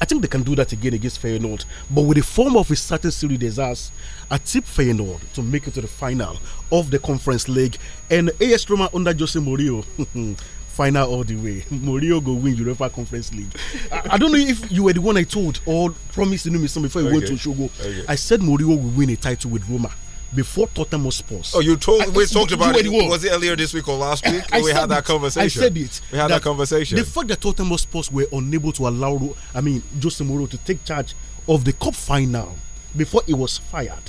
I think they can do that again against Feyenoord. But with the form of a certain Serie Desas, I tip Feyenoord to make it to the final of the Conference League. And AS Roma under Jose Mourinho, hmm, final all the way. Mourinho go win Europa Conference League. I, I, don't know if you were the one I told or promised to Inumison before you okay. went to Shogo. Okay. I said Mourinho will win a title with Roma before Tottenham Sports. Oh, you told I, we talked about it. Was it earlier this week or last week? I, I we had that it. conversation. I said it. We had that, that conversation. The fact that Tottenham Sports were unable to allow, I mean, Jose Mourinho to take charge of the cup final before he was fired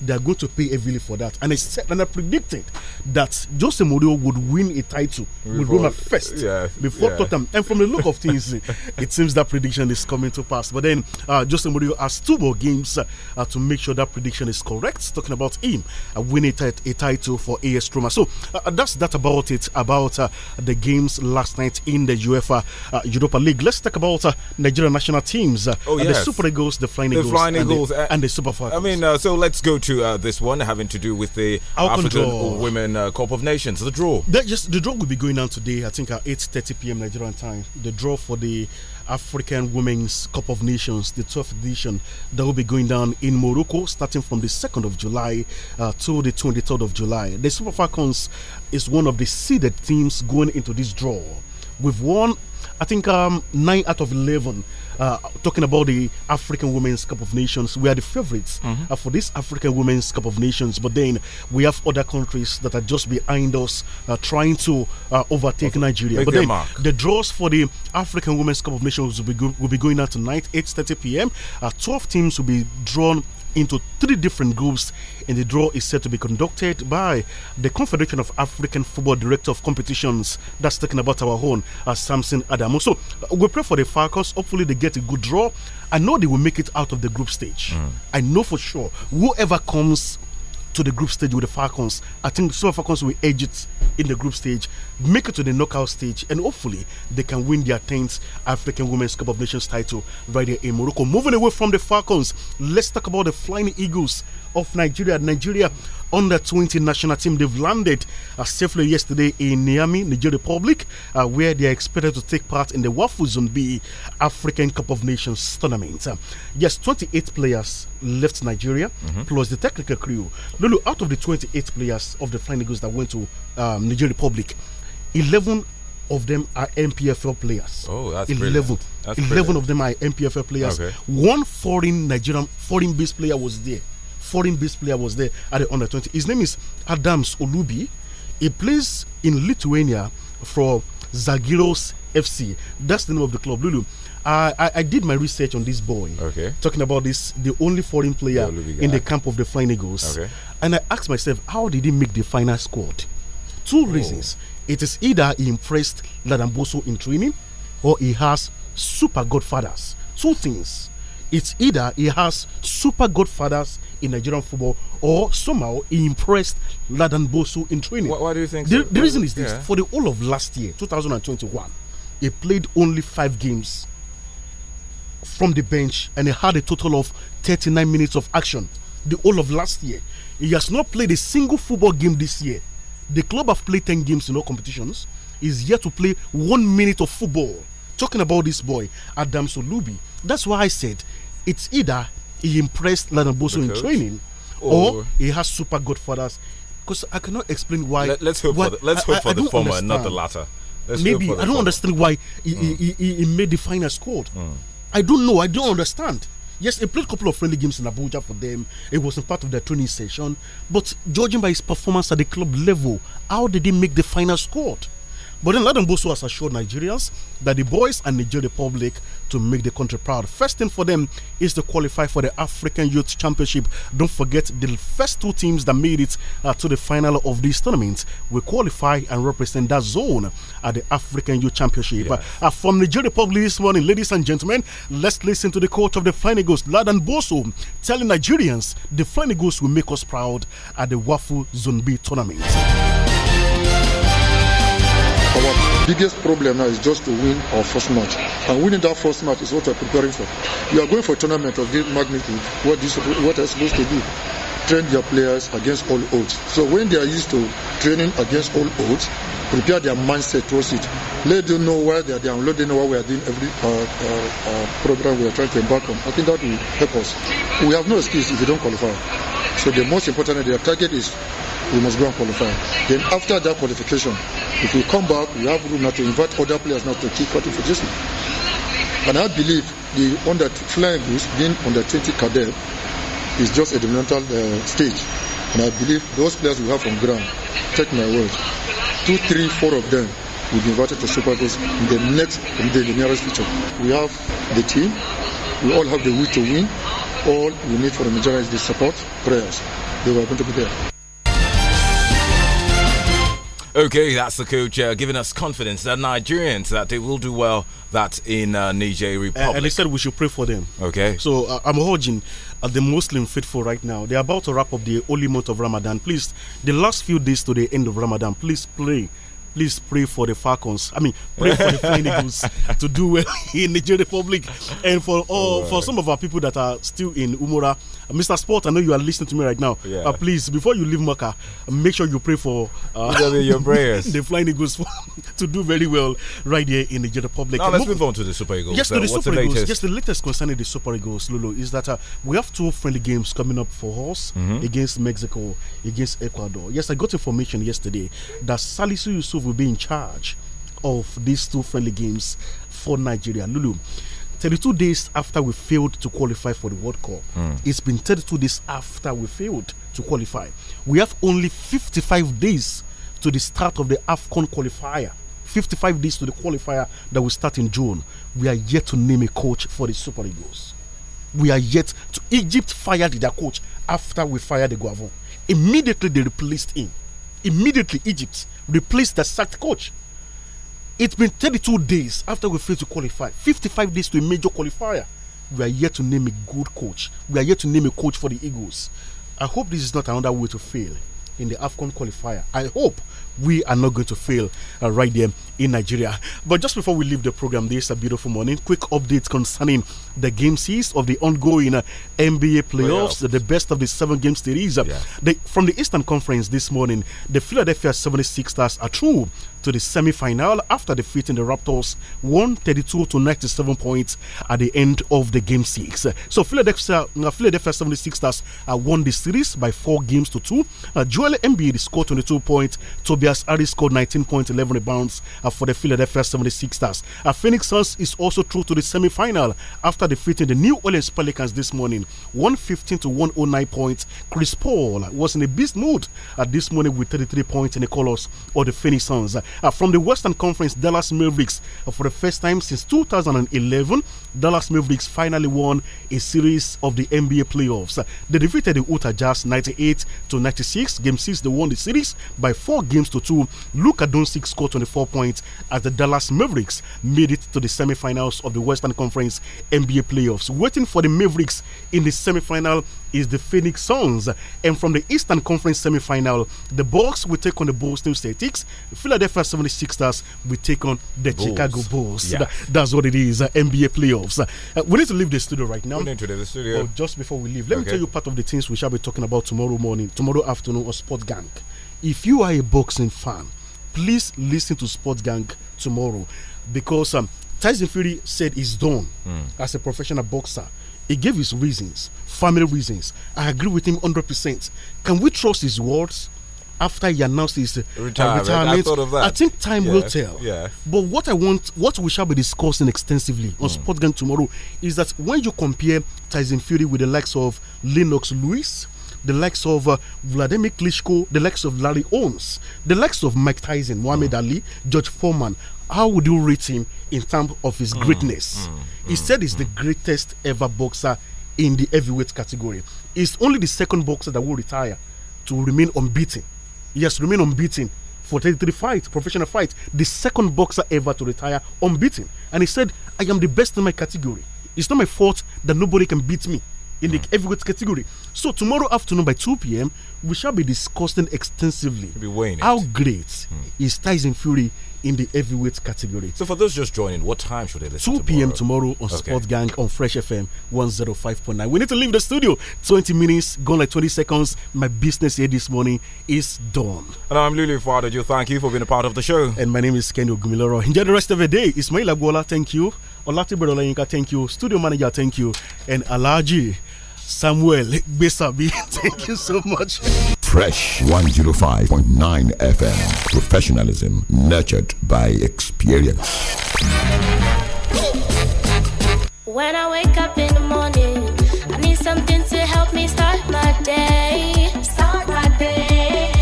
they are going to pay heavily for that. And I said, and I predicted that Jose Mourinho would win a title before, with Roma first before yeah. Tottenham. And from the look of things, it seems that prediction is coming to pass. But then uh, Jose Mourinho has two more games uh, uh to make sure that prediction is correct. Talking about him uh, winning a, a, title for AS Roma. So uh, uh, that's that about it about uh, the games last night in the UEFA Europa League. Let's talk about Nigerian national teams. oh yes. the Super Eagles, the Flying the Eagles, Flying Eagles and, the, and the Super Falcons. I mean, so let's go to to uh, this one having to do with the African draw. Women uh, Cup of Nations, the draw. That just the draw will be going on today. I think at 8:30 p.m. Nigerian time. The draw for the African Women's Cup of Nations, the 12th edition, that will be going down in Morocco starting from the 2nd of July uh, to the 23rd of July. The Super Falcons is one of the seeded teams going into this draw. We've won, I think, um, nine out of 11 uh, talking about the African Women's Cup of Nations. We are the favorites mm -hmm. for this African Women's Cup of Nations, but then we have other countries that are just behind us uh, trying to uh, overtake Nigeria. but then mark. the draws for the African Women's Cup of Nations will be, will be going out tonight, 8:30 p.m. 12 teams will be drawn into three different groups the draw is set to be conducted by the Confederation of African Football Director of Competitions. That's talking about our own uh, Samson Adamu. So uh, we pray for the Falcons. Hopefully they get a good draw. I know they will make it out of the group stage. Mm. I know for sure. Whoever comes to the group stage with the Falcons. I think Super Falcons will edge it in the group stage, make it to the knockout stage, and hopefully they can win their 10th African Women's Cup of Nations title right here in Morocco. Moving away from the Falcons, let's talk about the Flying Eagles of Nigeria. Nigeria under 20 national team. They've landed uh, safely yesterday in Niamey, Nigeria Republic, uh, where they are expected to take part in the WAFU Zone B African Cup of Nations tournament. Uh, yes, 28 players left Nigeria mm -hmm. plus the technical crew. Lulu, out of the 28 players of the Flying Eagles that went to um, Niger Republic, 11 of them are MPFL players. Oh, that's 11. Brilliant. That's 11 brilliant. of them are MPFL players. Okay. One foreign Nigerian, foreign based player was there foreign based player was there at the under 20. His name is Adams Olubi. He plays in Lithuania for Zagiros FC. That's the name of the club, Lulu. I, I, did my research on this boy. Okay. Talking about this, the only foreign player the in the camp of the Flying Eagles. Okay. And I asked myself, how did he make the final squad? Two oh. reasons. It is either he impressed Ladamboso in training or he has super godfathers. Two things. It's either he has super godfathers in Nigerian football or somehow impressed Ladan Bosu in training. Why, why do you think the, so? the reason is this yeah. for the whole of last year, 2021, he played only five games from the bench and he had a total of 39 minutes of action the whole of last year. He has not played a single football game this year. The club have played 10 games in all competitions. Is yet to play one minute of football. Talking about this boy, Adam Solubi. That's why I said it's either he impressed Lanaboso in training, or, or he has super godfathers. Because I cannot explain why. Let, us hope why, for the, let's hope I, for I, the former, understand. not the latter. Let's Maybe I don't former. understand why he, mm. he, he, he, made the final squad. Mm. I don't know. I don't understand. Yes, he played a couple of friendly games in Abuja for them. It wasn't part of their training session. But judging by his performance at the club level, how did he make the final squad? But then Ladon Boso has assured Nigerians that the boys and Nigeria Republic to make the country proud. First thing for them is to qualify for the African Youth Championship. Don't forget the first two teams that made it uh, to the final of this tournament will qualify and represent that zone at the African Youth Championship. Yes. Uh, from Nigeria Republic this morning, ladies and gentlemen, let's listen to the coach of the Flying Eagles, Laden telling Nigerians the Flying Eagles will make us proud at the Wafu Zone B tournament. Our biggest problem now is just to win our first match. And winning that first match is what we're preparing for. We are going for a tournament of this magnitude, what, this, what are supposed to do? train their players against all odds. So when they are used to training against all odds, prepare their mindset towards it. Let them know where they are They Let know what we are doing every uh, uh, uh, program we are trying to embark on. I think that will help us. We have no excuse if we don't qualify. So the most important their target is you must go and qualify. Then after that qualification, if you come back, you have room now to invite other players now to keep qualification. And I believe the under flying goose being under 20 cadet is just a developmental uh, stage. And I believe those players we have on ground, take my word, two, three, four of them will be invited to Super Goals in the next, in the, the nearest future. We have the team, we all have the will to win. All we need for the majority is the support, prayers. They were going to be there. Okay, that's the coach uh, giving us confidence that Nigerians that they will do well. That in uh, Niger eh, Republic, uh, and he said we should pray for them. Okay, so uh, I'm urging uh, the Muslim faithful right now. They're about to wrap up the holy month of Ramadan. Please, the last few days to the end of Ramadan, please pray please pray for the Falcons. I mean, pray for the Flying Eagles to do well in Nigeria Republic, and for all, all right. for some of our people that are still in Umura Mr. Sport, I know you are listening to me right now. Yeah. Uh, please, before you leave Maka, make sure you pray for uh, your prayers. the Flying Eagles to do very well right here in the Jet Republic. Now let's move, move on to the Super Eagles. Yes, to uh, the Super the Eagles. Yes, the latest concerning the Super Eagles, Lulu, is that uh, we have two friendly games coming up for us mm -hmm. against Mexico, against Ecuador. Yes, I got information yesterday that Salisu Yusuf will be in charge of these two friendly games for Nigeria. Lulu, 32 days after we failed to qualify for the World Cup. Mm. It's been 32 days after we failed to qualify. We have only 55 days to the start of the AFCON qualifier. 55 days to the qualifier that will start in June. We are yet to name a coach for the Super Eagles. We are yet to. Egypt fired their coach after we fired the Guavon. Immediately they replaced him. Immediately Egypt replaced the sacked coach. It's been 32 days after we failed to qualify, 55 days to a major qualifier. We are yet to name a good coach. We are yet to name a coach for the Eagles. I hope this is not another way to fail in the AFCON qualifier. I hope we are not going to fail uh, right there in Nigeria. But just before we leave the program, this is a beautiful morning. Quick update concerning the game six of the ongoing uh, NBA playoffs, playoffs, the best of the seven game series. Yeah. The, from the Eastern Conference this morning, the Philadelphia 76ers are through to the semifinal after defeating the Raptors 132 to 97 points at the end of the game six. So Philadelphia, uh, Philadelphia 76ers uh, won the series by four games to two. Uh, Joel Embiid scored 22 points. Tobias Harris scored 19 points, 11 rebounds uh, for the Philadelphia 76ers. Uh, Phoenix Suns is also through to the semifinal after defeating the New Orleans Pelicans this morning, 115 to 109 points. Chris Paul was in a beast mood uh, this morning with 33 points in the colors of the Phoenix Suns. Uh, from the Western Conference, Dallas Mavericks, uh, for the first time since 2011, Dallas Mavericks finally won a series of the NBA playoffs. They defeated the Utah Jazz 98 to 96. Game 6, they won the series by 4 games to 2. Luka Doncic scored 24 points as the Dallas Mavericks made it to the semifinals of the Western Conference NBA playoffs. Waiting for the Mavericks in the semifinal is the Phoenix Suns. And from the Eastern Conference Semifinal, the Bucks will take on the Boston Celtics. The Philadelphia 76ers will take on the Bulls. Chicago Bulls. Yeah. That, that's what it is, uh, NBA playoffs. Uh, we need to leave the studio right now. We need to the studio. just before we leave, let okay. me tell you part of the things we shall be talking about tomorrow morning, tomorrow afternoon on Sport Gang. If you are a boxing fan, please listen to Sport Gang tomorrow because um, Tyson Fury said he's done mm. as a professional boxer. He gave his reasons, family reasons. I agree with him 100%. Can we trust his words? After he announced his retirement, uh, retirement. I, I think time yeah. will tell. Yeah. But what I want, what we shall be discussing extensively on mm. Sport Game tomorrow, is that when you compare Tyson Fury with the likes of Lennox Lewis, the likes of uh, Vladimir Klitschko, the likes of Larry Owens, the likes of Mike Tyson, Muhammad mm. Ali, George Foreman, how would you rate him in terms of his mm, greatness? Mm, he mm, said he's the mm. greatest ever boxer in the heavyweight category. He's only the second boxer that will retire to remain unbeaten. He has remain unbeaten for 33 fights, professional fights. The second boxer ever to retire unbeaten. And he said, I am the best in my category. It's not my fault that nobody can beat me in the mm. heavyweight category. So tomorrow afternoon by 2 p.m., we shall be discussing extensively how great mm. is Tyson Fury in the heavyweight category. So for those just joining, what time should they listen? 2 p.m. tomorrow on okay. Sport Gang on Fresh FM 105.9. We need to leave the studio. 20 minutes, gone like 20 seconds. My business here this morning is done. And I'm Lulu Fadojo. Thank you for being a part of the show. And my name is Kenny Gumiloro. Enjoy the rest of the day. Ismail Aguola, thank you. Olati Layinka, thank you. Studio manager, thank you. And Alaji Samuel Besabi, thank you so much. Fresh 105.9 FM. Professionalism nurtured by experience. When I wake up in the morning, I need something to help me start my day. Start my day.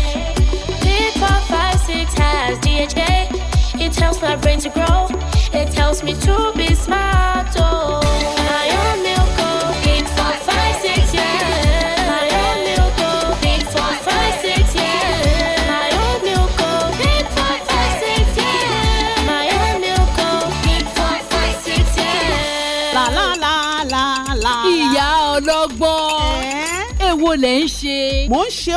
Pick 6 has DHA. It helps my brain to grow. It helps me to be smart. Oh. ṣe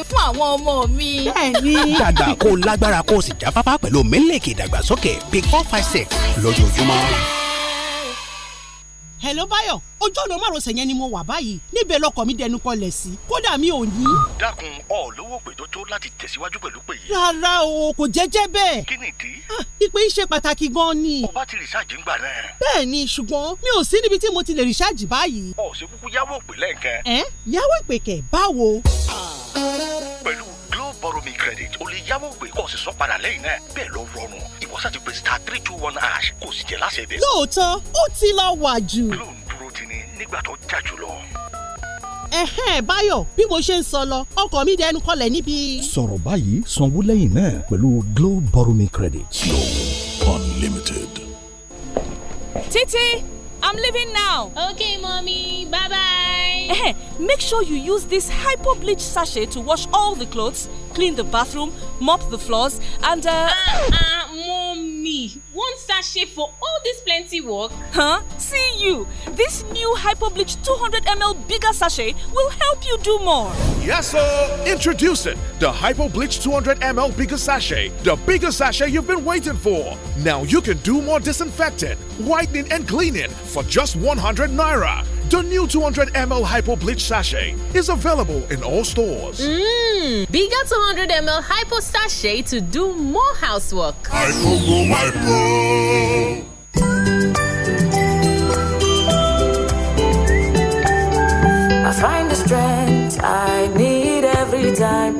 oore fún àwọn ọmọ mi. bẹ́ẹ̀ni. dàgbà kó lágbára kó sì jáfáfá pẹ̀lú mílíkì ìdàgbàsókè big four five six lójoojúmọ́. hello Báyọ̀ ojú ọ̀nà márosẹ̀ yẹn ni mo wà báyìí níbẹ̀ lọkọ̀ mi dẹnu kọlẹ̀ sí kódà mi ò ní. dákun ọ lówó pé tó tó láti tẹ̀síwájú pẹ̀lú pé yìí. rárá o kò jẹ́jẹ́ bẹ́ẹ̀. kí ni ìdí. ìpè iṣẹ́ pàtàkì gan ni. o bá ti rìsáàjì ń gbà náà. bẹ́ẹ̀ ni ṣùgbọ́n mi ò sí níbi tí mo ti lè rìsáàjì báyìí. ọ̀ ṣe kúkú yáwó ìpè lẹ́ǹkan. ẹ yáwó ìpè kẹ̀ báwo. pẹ̀lú borrow me credit o lè yáwó gbé kó o sì sọ padà lẹ́yìn náà bẹ́ẹ̀ ló rọrùn ìwọ sá ti pè star three two one hash kó sì jẹ́ láṣẹ lóòótọ́ ó ti lọ wà jù. Glo méjì ni nígbà tó jà jùlọ. ẹ̀hẹ́n báyọ̀ bí mo ṣe ń sọ lọ ọkọ̀ mi dẹnu kọlẹ̀ níbi. sọ̀rọ̀ báyìí sanwó lẹ́yìn náà pẹ̀lú Glo Borrow Credit. Glo Unlimited. títí I'm leaving now. Okay, mommy. Bye bye. Make sure you use this hypo bleach sachet to wash all the clothes, clean the bathroom, mop the floors, and uh. uh, uh me one sachet for all this plenty work? Huh? See you! This new Hyperbleach 200ml bigger sachet will help you do more. Yes, sir! Introducing the Hyperbleach 200ml bigger sachet, the bigger sachet you've been waiting for. Now you can do more disinfecting, whitening, and cleaning for just 100 naira. The new 200 ml Hypo Bleach Sachet is available in all stores. Mmm, bigger 200 ml Hypo Sachet to do more housework. Hypo, go, hypo. I find the strength I need every time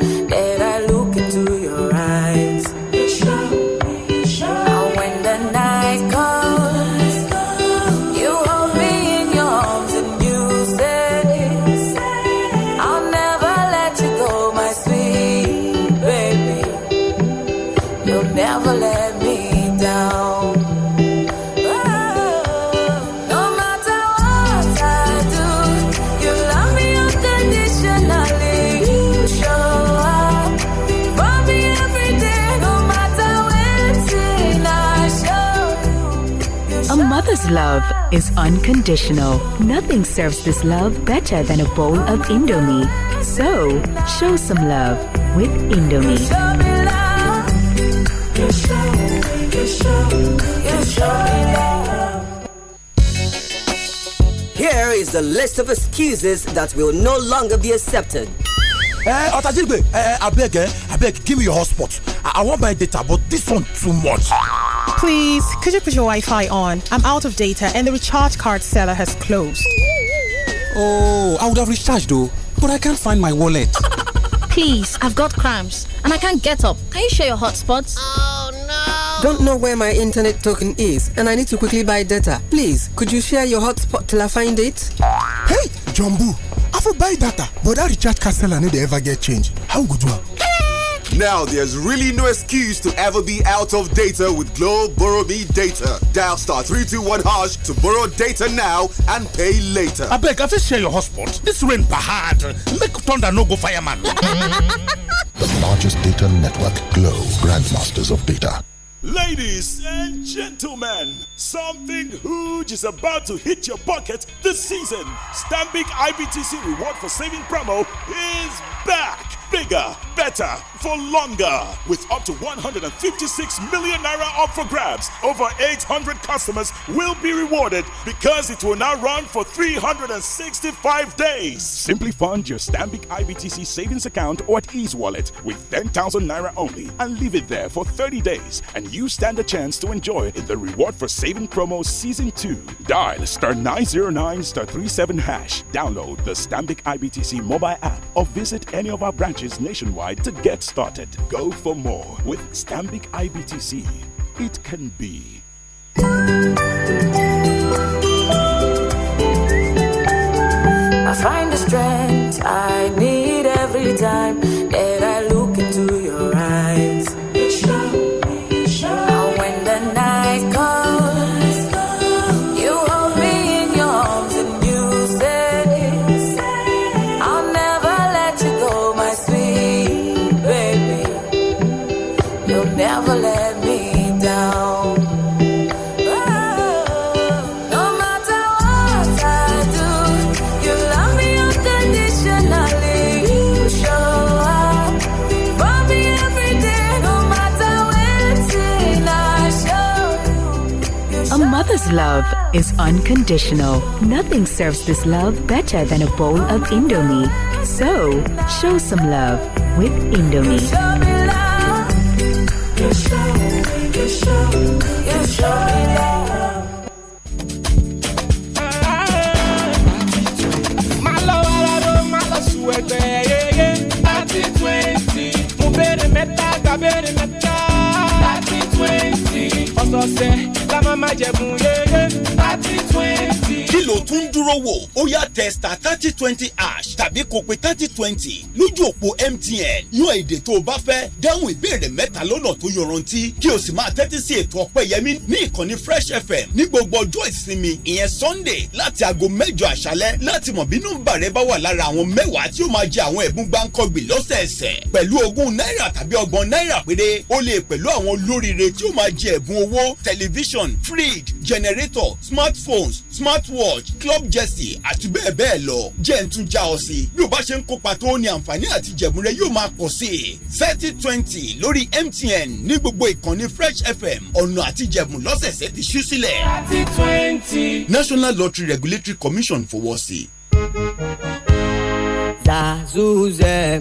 love is unconditional. Nothing serves this love better than a bowl of Indomie. So, show some love with Indomie. Here is the list of excuses that will no longer be accepted. Eh, Otajigbe, eh, I eh, beg, eh, give me your hotspot. I, I want my data, but this one too much. Please, could you put your Wi Fi on? I'm out of data and the recharge card seller has closed. Oh, I would have recharged though, but I can't find my wallet. Please, I've got cramps and I can't get up. Can you share your hotspots? Oh no! Don't know where my internet token is and I need to quickly buy data. Please, could you share your hotspot till I find it? Hey, Jumbo, I for buy data, but that recharge card seller need to ever get change. How good are! Now there's really no excuse to ever be out of data with Glow Borrow Me Data. Dial star 321 hash to borrow data now and pay later. I beg, I fit share your hotspot. This rain bahad. Make thunder no go fireman. the largest data network, Glow, grandmasters of data. Ladies and gentlemen, something huge is about to hit your pocket this season. Stambik IBTC Reward for Saving promo is back. Bigger, better, for longer with up to 156 million naira up for grabs. Over 800 customers will be rewarded because it will now run for 365 days. Simply fund your Stambic IBTC savings account or at Ease Wallet with 10,000 naira only and leave it there for 30 days and you stand a chance to enjoy the reward for saving promo season 2. Dial star 909 star 37 hash. Download the Stambic IBTC mobile app or visit any of our branches nationwide to get started. Go for more with Stambic IBTC. It can be. I find the strength I need every time love is unconditional. Nothing serves this love better than a bowl of Indomie. So, show some love with Indomie. Twenty, ọ̀sẹ̀ la máa máa jẹ̀bùn yéyé. thirty twenty tún dúró wò ó yá testa thirty twenty ash tàbí kó pe thirty twenty lójú òpó MTN yan èdè tó o bá fẹ́ dáhùn ìbéèrè mẹ́ta lọ́nà tó yọrantí kí o sì máa tẹ́tí sí ètò Ọpẹ́yẹmí ní ìkànnì Fresh FM ní gbogbo ọjọ́ ìsinmi ìyẹn Sunday láti aago mẹ́jọ àṣálẹ́ láti mọ̀ bí nọ́mbà rẹ bá wà lára àwọn mẹ́wàá tí ó máa jẹ àwọn ẹ̀bùn gbáǹkọ́gbìn lọ́sẹ̀ẹsẹ̀ pẹ̀lú ogún náírà tàbí ọgbọ̀n náírà péré ó lè pẹ̀lú àwọn olóríire tí ó máa jẹ ẹ̀bùn owó tẹlifíṣàn fridge generator smartphones smartwatch club jersey àti bẹ́ẹ̀ bẹ́ẹ̀ lọ jẹ́ ń tún já ọ sí bí o bá ṣe ń kópa tó ní àǹfààní àti jẹ̀bùn rẹ yóò máa pọ̀ sí i thirty twenty lórí MTN ní gbogbo ìkànnì Fresh FM ọ̀nà àti jẹ̀bùn lọ́sẹ̀ẹ̀sẹ̀ ti ṣú sílẹ̀. thirty twenty. National Lottery Regulatory Commission fowọ́ sí i. Zazuzem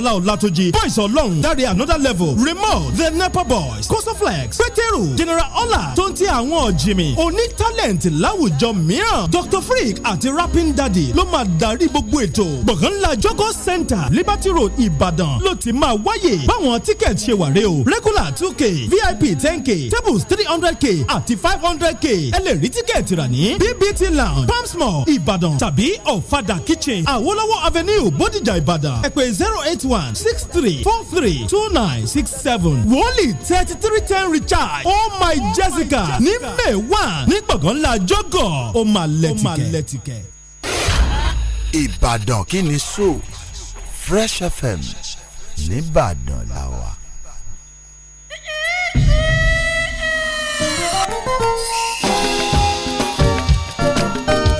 Adémọ́lá Ọlátúnjí Boys Ọlọ́run Dáre Another Level Remote The Nepa Boys Kosoflex Pétérù General Ola, tó ń ti àwọn ọ̀jìmì oní talent láwùjọ mìíràn Dr Freak àti Rapping Daddy ló máa darí gbogbo ètò gbọ̀ngàn ńlá Jogo Center Liberty Road Ìbàdàn ló ti máa wáyè báwọn tíkẹ́ẹ̀tì ṣe wà rè o regular 2 k VIP 10 k tables 300 k àti 500 k ẹ ticket rí tíkẹ́ẹ̀tì rà ní BBT Lounge Palms Mall Ìbàdàn tàbí Ọ̀fadà Kitchen Àwọlọ́wọ́ Avenue Bódìjà Ìbàdàn ẹ pè zero eight one six three four three two nine six seven wọ́ọ̀lì thirty three ten recharge oh my oh jessica ní may one ní gbọ̀ngàn ńlá jọ́gọ̀ ó máa lẹ́tìkẹ́. ìbàdàn kí ni so fresh fm nìbàdàn làwà.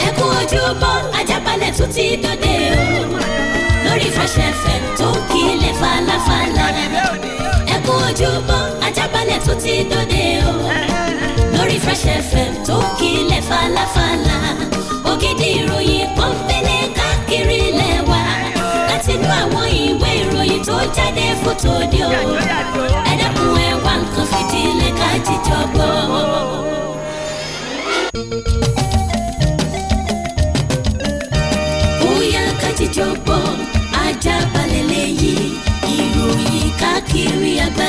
ẹkún ojúbọ ajábalẹ̀ tún ti dòde o lórí Fresh FM tó ń kílẹ̀ falafala ẹ kú ojúmọ́ tó ti dòde o lórí Fresh FM tó ń kílẹ̀ falafala ògidì ìròyìn pọ́npẹ́lẹ́ káàkiri lẹ́wà láti inú àwọn ìwé ìròyìn tó jáde fótó di o ẹ dẹ́kun nǹkan fìdílé ká jíjọ gbọ́.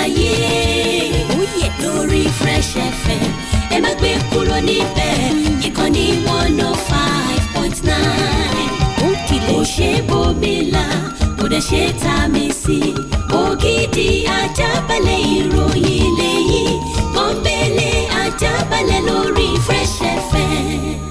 ayé lórí Fresh FM ẹ má gbé kúrò níbẹ̀ ìkànnì one oh five point nine kò ṣe bòmílà kò dẹ̀ ṣe tá a mi sí ògidì ajábalẹ̀ ìròyìn lẹ́yìn pọ́npẹ́lẹ́ ajábalẹ̀ lórí Fresh FM.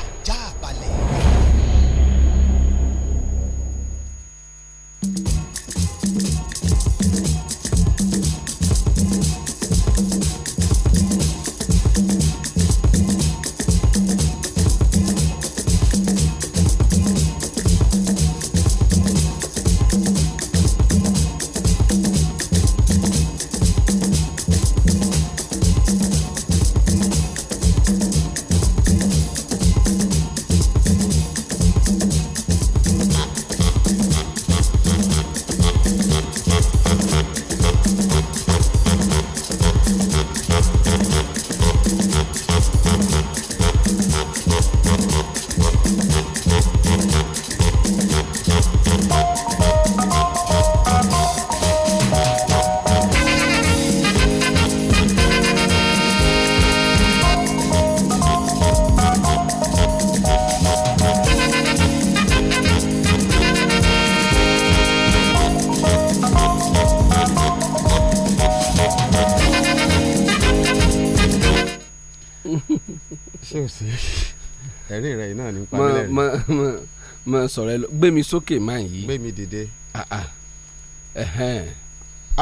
máa sọ̀rọ̀ ẹ lọ gbé mi sókè máa yìí. gbé mi dìde. Ah, ah.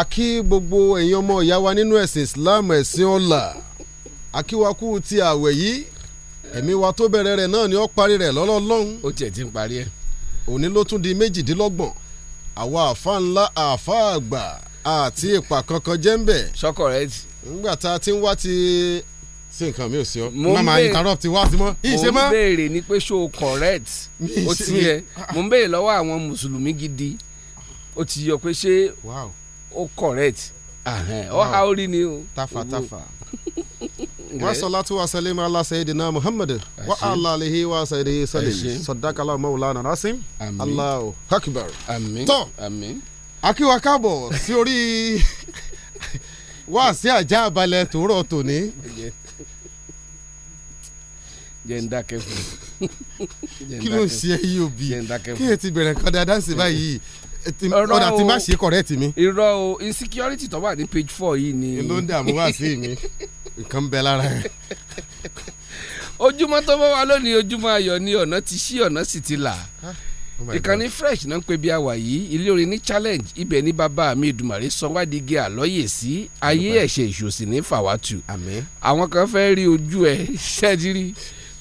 a kí gbogbo ẹ̀yin ọmọ ìyá wa nínú ẹ̀sìn Islam ẹ̀sìn ọ̀la akíwakú ti àwẹ̀ yìí ẹ̀mí wa tó bẹ̀rẹ̀ rẹ̀ náà ni ó parí rẹ̀ lọ́lọ́lọ́hún. ó tiẹ̀ ti ń parí ẹ̀. òní ló tún di méjìdínlọ́gbọ̀n àwa àfa ńlá àfa àgbà àti ìpà jẹ́ ń bẹ̀. sọkọ rẹ ti. nígbà tá a ti ń wá ti sí nǹkan mi ò sí ọ mama interrupt wá sí mọ́ yìí ṣe mọ́. mo ń béèrè ni pé ṣó o correct o ti yẹ ah. mo ń béèrè lọ́wọ́ àwọn mùsùlùmí gidi o ti yọ pé ṣé o correct ọ ha orí ni o. tafa tafa wa salatu wa salim ala sayyidina muhammad wa ala alihi wa sayyidihi salim sadakala maulana nasim allahu Hakibar. tó akíwa káàbọ̀ sí orí Wa sí àjà abalẹ̀ tòórọ̀ tòní jẹ́ ń kí ló ṣe yìí òbí e kí ẹ ti bẹ̀rẹ̀ kan dáadáa sí báyìí ọ̀dà tí má ṣe correct mi. irọ́ o insecurity tó wà ní page four yìí ni. ló ń dààmú wá sí mi nǹkan bẹ lára ẹ. ojúmọ́ tó bá wà lónìí ojúmọ́ ayọ̀ ni ọ̀nà ti ṣí ọ̀nà sì ti là ah, oh ìkànnì fresh náà ń pè bí àwà yìí ilé orin ní challenge ibẹ̀ ní bàbá mi ìdùmàrè sanwó-adìgẹ àlọ́yè sí ayé ẹ̀ṣẹ̀ ìṣòsì ní fàwátù àwọn kan fẹ́ rí ojú ẹ̀ ṣẹ́ẹ́dírí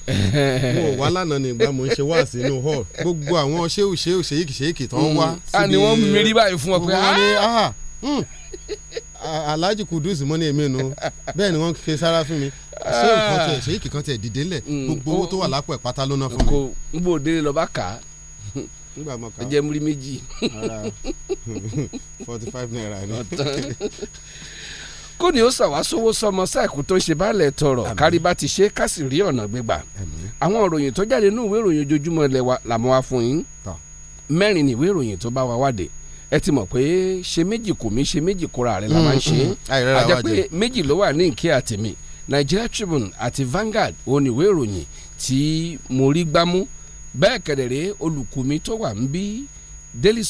mo wà lánàá ní ìgbà mo ń ṣe wá sínú hall gbogbo àwọn ṣéwù ṣéwù ṣèyíkì ṣèyíkì tán wá. Mm. a ah, ní wọ́n mérí báyìí fún ọ pé ah! Ah, hmm. alhaji kudus mọ́ ní èmi nu bẹ́ẹ̀ ni wọ́n ṣe sára fún mi ṣé nǹkan tẹ̀ dìde lẹ̀ mm. gbogbo owó tó wà lápò ẹ̀ pátá ló fún mi. n bò délé lọ bá kà á nígbà mọ ká ó jẹ múrí méjì. forty five naira ni kó ni ó sàn wá sówó sọmọ sáìkú tó ń ṣe báàlẹ̀ tọrọ kárí bá ti ṣe ká sì rí ọ̀nà gbégbà àwọn ìròyìn tó jáde ní ìwé ìròyìn ojoojúmọ́ ilẹ̀ wa làmọ́ wa fún yín mẹ́rin ni ìwé ìròyìn tó bá wa wádé ẹ ti mọ̀ pé ṣe méjì kò mí ṣe méjì kóra rẹ̀ la máa ń ṣe mm-hmm. mm-hmm. àjẹ́ pé méjì ló wà ní ìkẹ́ àtẹ̀mí Nigeria Tribune àti Vanguard òun ìwé ìròyìn tí mo rí gbámú bẹ́ẹ̀ kẹ̀dẹ̀rẹ́ olùkùnmi tó wà ń bí Daily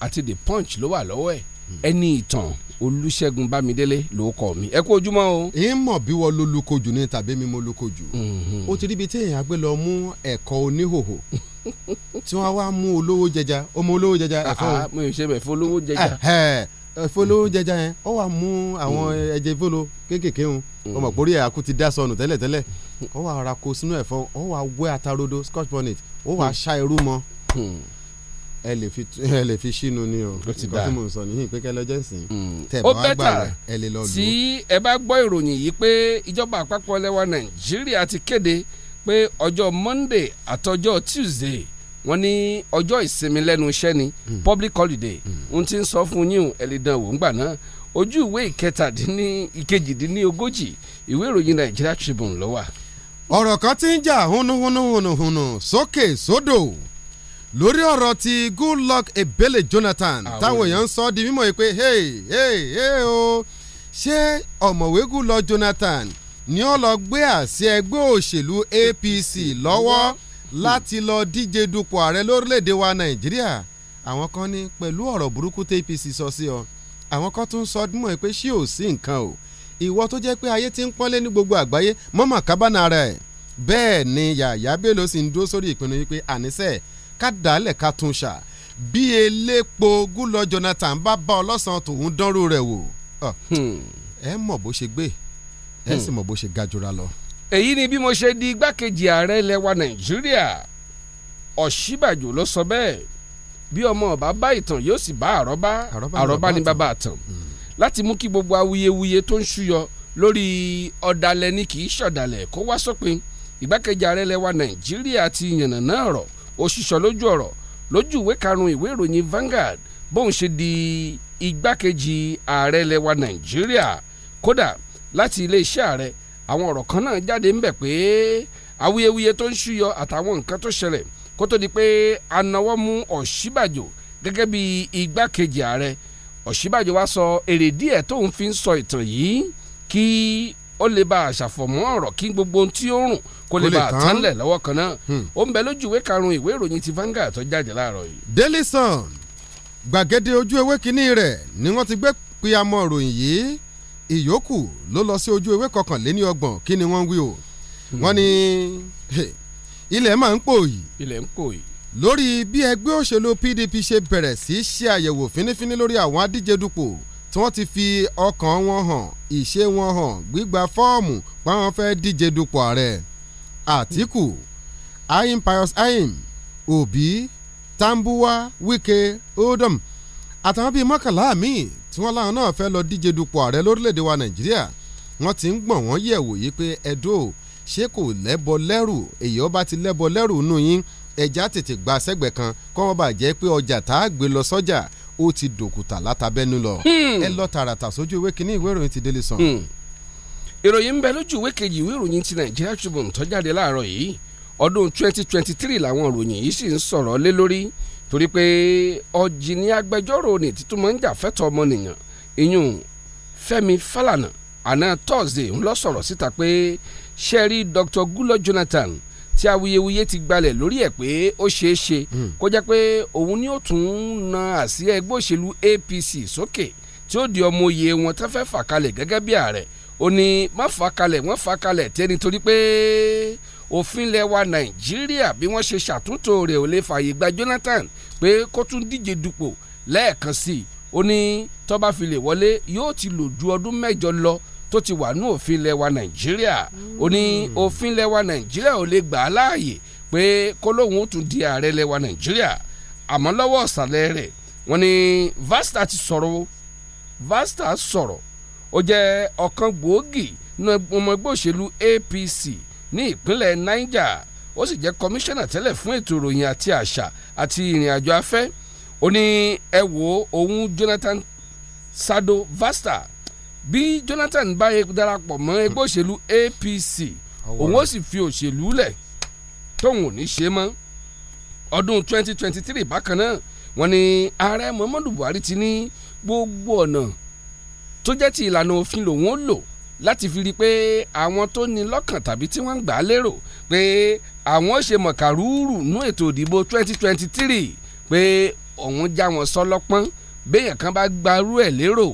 àti The Punch ló wà lọ́wọ́ ẹ̀ mm. ẹni ìtàn olùṣègùn bámidélé ló kọ mi ẹ kú ojúmọ́ o. ẹ ń mọ̀ bí wọ́n ló lukojú ní tàbí mi mo lukojú ó ti ríbi tí èèyàn gbé lọ mú ẹ̀kọ́ oníhòhò tí wọ́n wá mú olówó jẹja ọmọ olówó jẹja ah, ẹ̀fọ́ o. Ah, mi ò ṣe bẹ̀ fọlówó jẹja. Eh, eh, eh, fọlówó jẹja yẹn ó wà mú àwọn mm. ẹ̀jẹ̀ fọlọ kéékèèké ń ọmọ ìpórí mm. ẹ̀ akú ti dá sọnù tẹ́lẹ̀tẹ́lẹ̀ mm. ó wà ra ko sínú ẹ̀fọ́ ó wà wẹ́ atarodo scotch bonnet ó wà ṣá irú mọ́ ẹ lè fi ẹ lè fi sínú ni o nǹkan tí mo ń sọ nìyí pé kẹlẹ jẹ́ sìn. Hmm. ó bẹ́tà tí ẹ bá gbọ́ ìròyìn yìí pé ìjọba àpapọ̀ lẹ́wà nàìjíríà ti kéde pé ọjọ́ monday àtọjọ́ tuesday wọ́n ní ọjọ́ ìsinmi lẹ́nu iṣẹ́ ni hmm. public holiday ohun hmm. tí ń sọ fún yín ẹ lè dán wò ńgbà náà ojú ìwé ìkẹtàdínní ìkejìdínní ogójì ìwé ìròyìn Nigeria Tribune ló wà. ọ̀rọ̀ kan ti ń jà húnúhúnúhúnúhúnú sókè sódò lórí ọ̀rọ̀ ti Goodluck Ebele Jonathan táwọn èèyàn ń sọ di mímọ̀ pé hey hey hey o ṣé ọ̀mọ̀wé Goodluck Jonathan ni ó lọ gbé àsíá ẹgbẹ́ òṣèlú APC lọ́wọ́ láti lọ díje dupò ààrẹ lórílẹ̀‐èdè wa Nàìjíríà àwọn kan ní pẹ̀lú ọ̀rọ̀ burúkú tí APC sọ sí ọ àwọn kan tún sọ dímọ̀ pé ṣé ò sí nǹkan o ìwọ tó jẹ́ pé ayé ti ń pọ́nlé ní gbogbo àgbáyé mọ́mọ́ kábàánà rẹ̀ bẹ́ẹ̀ ni Yàyà Bello sì ń dúró sórí ìpinnu yìí pé ànísẹ́ẹ̀ ká dàálẹ̀ ká tún ṣà bí elépo gúlọ Jonathan bá bá ọlọ́sàn tòun dánrò rẹ̀ wò hmm. ẹ mọ̀ bó ṣe gbé ẹ hmm. sì mọ̀ bó ṣe ga lọ. èyí ni bí mo ṣe di igbákejì ààrẹ ilẹ̀ wa Nàìjíríà Ọ̀ṣíbàjò ló sọ bẹ́ẹ̀ bí ọmọ ọba bá ìtàn yóò sì bá àrọ́bá àrọ́bá ni bàbá àtàn hmm. láti mú kí gbogbo awuyewuye tó ń ṣúyọ lórí ọ̀dàlẹ̀ ni kì í ṣọ̀dàlẹ̀ kó wá sópin igbákejì ààrẹ ilẹ̀ Nàìjíríà ti yànnàná ọ̀rọ̀ ó ṣiṣọ́ lójú ọ̀rọ̀ lójú ìwé karùn-ún ìwé ìròyìn Vanguard bóun ṣe di igbákejì ààrẹ lẹwa Nàìjíríà kódà láti iléeṣẹ́ ààrẹ àwọn ọ̀rọ̀ kan náà jáde ń bẹ̀ pé awuyewuye tó ń ṣúyọ àtàwọn nǹkan tó ṣẹlẹ̀ kó tó di pé anáwọ́ mú Ọ̀ṣíbàjò gẹ́gẹ́ bí igbákejì ààrẹ Ọ̀ṣíbàjò wá sọ èrè díẹ̀ tóun fi ń sọ ìtàn yìí kí ó lè bá àṣàfọ̀mọ́ ọ̀rọ̀ kí gbogbo ohun tí ó rùn kó lè bá a tán lẹ̀ lọ́wọ́ kan náà hmm. ó ń bẹ lójú ìwé karùn-ún ìwé ìròyìn ti Vanguard tó jáde láàárọ̀ yìí. Daily Sun gbàgede ojú ewé kínní rẹ̀ ni wọ́n ti gbé píamọ́ ròyìn yìí ìyókù ló lọ sí ojú ewé kọkànléní ọgbọ̀n kí ni wọ́n wí o hmm. wọ́n ní ilẹ̀ máa ń pòyì ilẹ̀ lórí bí ẹgbẹ́ òṣèlú PDP ṣe bẹ̀rẹ̀ sí ṣe àyẹ̀wò fínífíní lórí àwọn adíje dupò tí wọ́n ti fi ọkàn wọn hàn ìṣe wọn hàn gbígba fọ́ọ̀mù pé wọ́n fẹ́ díje dupò ààrẹ Àtíkù ayim pius ayim Obi Tambuwa Wike Odom àtàwọn bíi mọ́kànlá mi, tí wọ́n láwọn náà fẹ́ lọ díje dupò ààrẹ lórílẹ̀‐èdè wa Nàìjíríà wọ́n ti ń gbọ̀n wọ́n yẹ̀wò yìí pé ẹ̀dọ́ ṣé kò lẹ́bọ lẹ́rù èyí ọba ti lẹ́bọ lẹ́rù nù yín ẹja tètè gba sẹ́gbẹ̀ kan kọ́ wọ́n bá jẹ́ pé ọjà tá a gbé lọ sọ́jà ó ti dòkùtà látàbẹ́nu lọ hmm. ẹ lọ tààràtà sójú ìwé kínní ìwé ìròyìn ti Daily Sun. Hmm. ìròyìn ń bẹ lójú ìwé kejì ìwé ìròyìn ti Nigeria Tribune tó jáde láàárọ̀ yìí ọdún 2023 làwọn ìròyìn yìí sì ń sọ̀rọ̀ lé lórí torí pé ni agbẹjọ́rò ní títún máa ń jà fẹ́tọ̀ ọmọnìyàn ìyún fẹmi falana àná Thursday ń lọ sọ̀rọ̀ síta pé Dr. Jonathan tí awuyewuye ti gbalẹ̀ lórí ẹ̀ pé ó ṣeé ṣe hmm. pé òun ni ó tún na àsíá ẹgbẹ́ òṣèlú APC sókè tí ó di ọmọ wọn fà kalẹ̀ gẹ́gẹ́ ó ní má fà kalẹ̀ wọ́n fà kalẹ̀ tẹ́ni torí pé òfin lẹwa nàìjíríà bí wọ́n ṣe ṣàtúntò rẹ̀ ò lè fààyè gba Jonathan pé kó tún díje dupò lẹ́ẹ̀kan sí i ó ní tó bá fi lè wọlé yóò ti lò ju ọdún mẹ́jọ lọ tó ti wà ní òfin lẹwa nàìjíríà ó ní òfin lẹwa nàìjíríà ò lè gbà á láàyè pé kó lóun ó tún di ààrẹ lẹwa nàìjíríà àmọ́ lọ́wọ́ ọ̀sàlẹ̀ rẹ̀ wọ́n ní Vasta ti sọ̀rọ̀ Vasta sọ̀rọ̀ ó jẹ́ ọ̀kan gbòógì nínú ọmọ ẹgbẹ́ òṣèlú APC ní ìpínlẹ̀ Niger ó sì jẹ́ kọmíṣánná tẹ́lẹ̀ fún ètò ìròyìn àti àṣà àti ìrìn àjò afẹ́ ó ní ẹ wo òun Jonathan Sado Vasta bí Jonathan bá darapọ̀ mọ́ ẹgbẹ́ òṣèlú APC òun ó sì fi òṣèlú lẹ̀ tóun ò ní ṣe mọ́ ọdún 2023 bákan náà wọ́n ní ààrẹ Muhammadu Buhari ti ní gbogbo ọ̀nà tó jẹ́ ti ìlànà òfin lòun ó lò láti fi rí i pé àwọn tó ní lọ́kàn tàbí tí wọ́n ń gbà á lérò pé àwọn ó ṣe mọ̀kàrúrù nú ètò ìdìbò 2023 pé òun já wọn sọ lọ́pọ́n béèyàn kan bá gbarú ẹ̀ lérò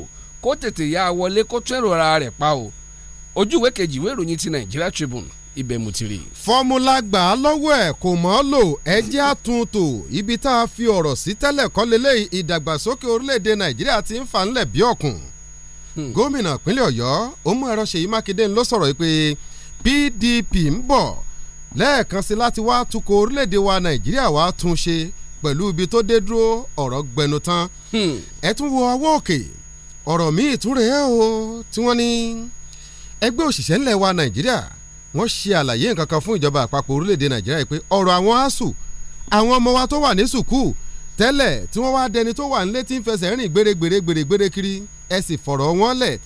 kó tètè yá wọlé kó tún èrò ara rẹ̀ pa o ojú kejì ìwé ìròyìn ti Nigeria Tribune ibẹ̀ mo ti rí. fọ́múlà gbà á lọ́wọ́ ẹ̀ kò mọ́ lò ẹjẹ́ àtúntò ibi tá a fi ọ̀rọ̀ sí tẹ́lẹ̀ kọ́ ìdàgbàsókè orílẹ̀-èdè Nàìjíríà ti ń fà ńlẹ̀ bí ọ̀kùn gómìnà ìpínlẹ̀ ọ̀yọ́ òmùẹ̀rọ ṣèyí mákindé ló sọ̀rọ̀ yìí pé pdp ń bọ̀ lẹ́ẹ̀kan sí láti wá tukọ̀ orílẹ̀-èdè wa nàìjíríà wá tún ṣe pẹ̀lú ibi tó dé dúró ọ̀rọ̀ gbẹnu tán hmm. ẹ tún wo ọwọ́ òkè ọ̀rọ̀ míì tún rèé o tí wọ́n ní ẹgbẹ́ òṣìṣẹ́ ńlẹ̀ wa nàìjíríà wọ́n ṣe àlàyé nǹkan fún ìjọba àpapọ̀ orílẹ̀-èdè nàìjíríà pé ọ̀rọ̀ àwọn asuu àwọn ọmọ wa tó wà ní sùkúù tẹ́lẹ̀ tí wọ́n wá dẹni tó wà nílé tí ń fẹsẹ̀ rìn gbèrègbèrè gbèrègbèrè kiri ẹ sì fọ̀rọ̀ wọn lẹ̀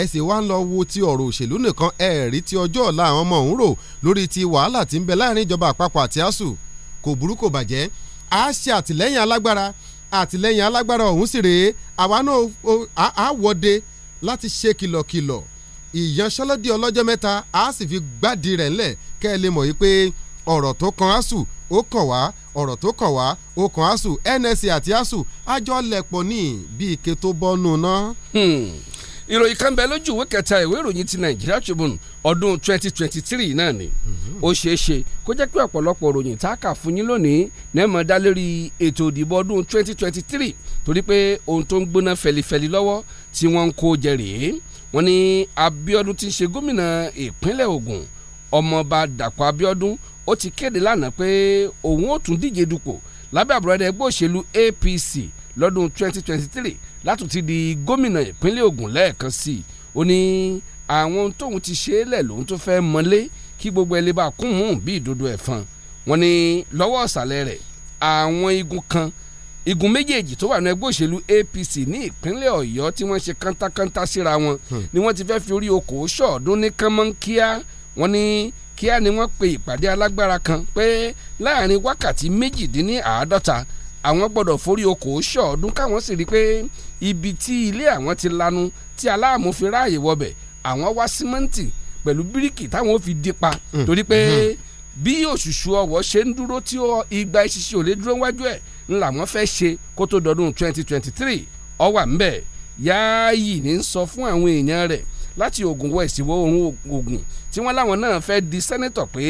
ẹ sì wá ń lọ wo ti ọ̀rọ̀ òṣèlú nìkan ẹ rí ti ọjọ́ ọ̀la àwọn ọmọ òun rò lórí ti wàhálà tí ń bẹ láàrin ìjọba àpapọ̀ àti asuu kò burú kò bàjẹ́ a ṣe àtìlẹ́yìn alágbára àtìlẹ́yìn alágbára ọ̀hún sì rèé àwa náà á wọde láti ṣe kìlọ̀kìlọ̀ ìyanṣẹ́lódì ọlọ́jọ́ mẹ́ta a sì fi gbádìí rẹ̀ ńlẹ̀ kẹ́ ẹ lè mọ̀ yìí ọ̀rọ̀ tó kan asuu ó kàn wá ọ̀rọ̀ tó kàn wá ó asu ASUU NSC àti ASUU àjọ lẹ̀pọ̀ ní bí ike tó bọ́nu ná. Hmm. ìròyìn kan bẹ lójú ìwé kẹta ìwé ìròyìn ti Nigeria Tribune ọdún twenty twenty three náà ni mhm. ó ṣeé ṣe kó jẹ́ pé ọ̀pọ̀lọpọ̀ ìròyìn tá a kà fún yín lónìí nẹ́ẹ̀mọ́ dá lórí ètò ìdìbò ọdún twenty twenty three torí pé ohun tó ń gbóná fẹlifẹli lọ́wọ́ tí wọ́n ń kó jẹ rèé wọ́n ní Abíọ́dún ti ń ṣe gómìnà ìpínlẹ̀ Ògùn ọmọọba Dàpọ̀ Abíọ́dún ó ti kéde lánàá pé òun ó tún díje dupò lábẹ́ àbúrẹ́dẹ ẹgbẹ́ òṣèlú APC lọ́dún 2023 látúntí di gómìnà ìpínlẹ̀ Ògùn lẹ́ẹ̀kan sí i ó ní àwọn tóun ti ṣe é lẹ̀ lòun tó fẹ́ mọ́lé kí gbogbo ẹlẹ́ bá kún mú bí ìdodo ẹ̀fọn wọn ni lọ́wọ́ ọ̀sàlẹ̀ rẹ̀ àwọn igun kan igun méjèèjì tó wà ní ẹgbẹ́ òṣèlú APC ní ìpínlẹ̀ Ọ̀yọ́ tí wọ́n ṣe kántákántá síra wọn hmm. ni wọ́n ti fẹ́ fi orí okòó ṣọ̀ọ́dún ní kánmọ́nkíá wọn ni kíá ni wọ́n pe ìpàdé alágbára kan pé láàrin wákàtí méjìdínláàádọ́ta àwọn gbọ́dọ̀ forí okòó ṣọ̀ọ́dún káwọn sì rí i pé ibi tí ilé àwọn ti lanu tí aláàmú fi ráàyè wọbẹ̀ àwọn wá símẹ́ǹtì pẹ̀lú bíríkì táwọn fi dí pa hmm. torí pé hmm. bí òṣùṣù ọwọ́ ṣe ń dúró tí igba ìṣiṣẹ́ ò lè dúró wájú ẹ̀ ń làwọn fẹ́ ṣe kó tó dọdún 2023 ọwà ń bẹ̀ yááyì ní sọ fún àwọn èèyàn rẹ̀ láti Ògùn west ìwọ̀ oòrùn tí wọ́n láwọn náà fẹ́ di sẹ́nẹ́tọ̀ pé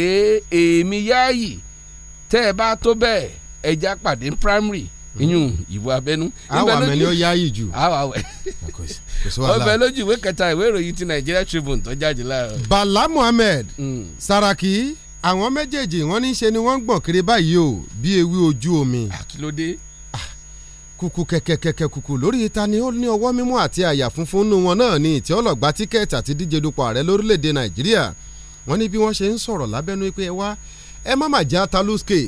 èmi yáàyè tẹ́ ẹ bá tó bẹ́ẹ̀ ẹja pàdé primary iyun ìbò abẹ́nú. àwọn àmì ni ó yáàyè jù. àwọn àwẹ̀ ọbẹ̀ lójú ìwé kẹta ìwé ìròyìn ti Nigeria Tribune tó jáde láàárọ̀. Bala Muhammed hmm. Saraki àwọn méjèèjì wọ́n ní ṣe ni wọ́n ń gbọ̀n kiri báyìí o bí ewé ojú omi. àkìlódé kùkù kẹ̀kẹ̀kẹ̀kẹ̀ kùkù lórí ìta ni ó ní ọwọ́ mímú àti àyà funfun nù wọn náà ní ìtì ọlọ́gba tíkẹ́ẹ̀tì àti díje dupò ààrẹ lórílẹ̀‐èdè nàìjíríà wọ́n ní bí wọ́n ṣe ń sọ̀rọ̀ lábẹ́nu pé ẹ wá ẹ má má já taluske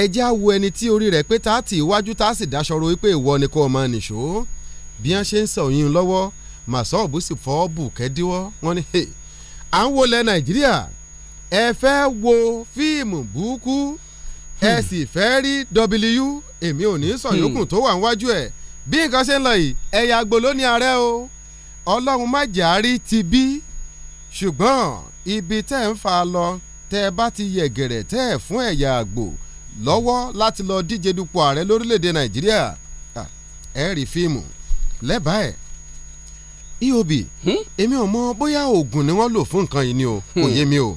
ẹ já wo ẹni tí orí rẹ̀ pé táàtì iwájú tá a sì dáṣọ ro pé ìwọ ni kò máa nìṣó bí wọ́n ṣe ń sọ yín lọ́wọ́ màsọ́ọ̀bù sì fọ́ bùkẹ́díwọ́ wọ́n ní à ń wọlé nàìjíríà ẹ hmm. w èmi ò ní sọ yòókù hmm. tó wà níwájú ẹ̀ bí nǹkan ṣe ń lọ yìí ẹ̀yà àgbòló ni ààrẹ o ọlọ́run má jàárí ti bí ṣùgbọ́n ibi tẹ́ ń fa lọ tẹ́ ẹ bá ti yẹ̀gẹ̀rẹ̀ tẹ́ ẹ fún ẹ̀yà àgbò lọ́wọ́ láti lọ díje dupò ààrẹ lórílẹ̀‐èdè nàìjíríà ẹ rí fíìmù lẹ́bàá ẹ̀ eob hmm? èmi ò mọ bóyá oògùn ni wọ́n lò fún nǹkan yìí ni o kò hmm. yé mi o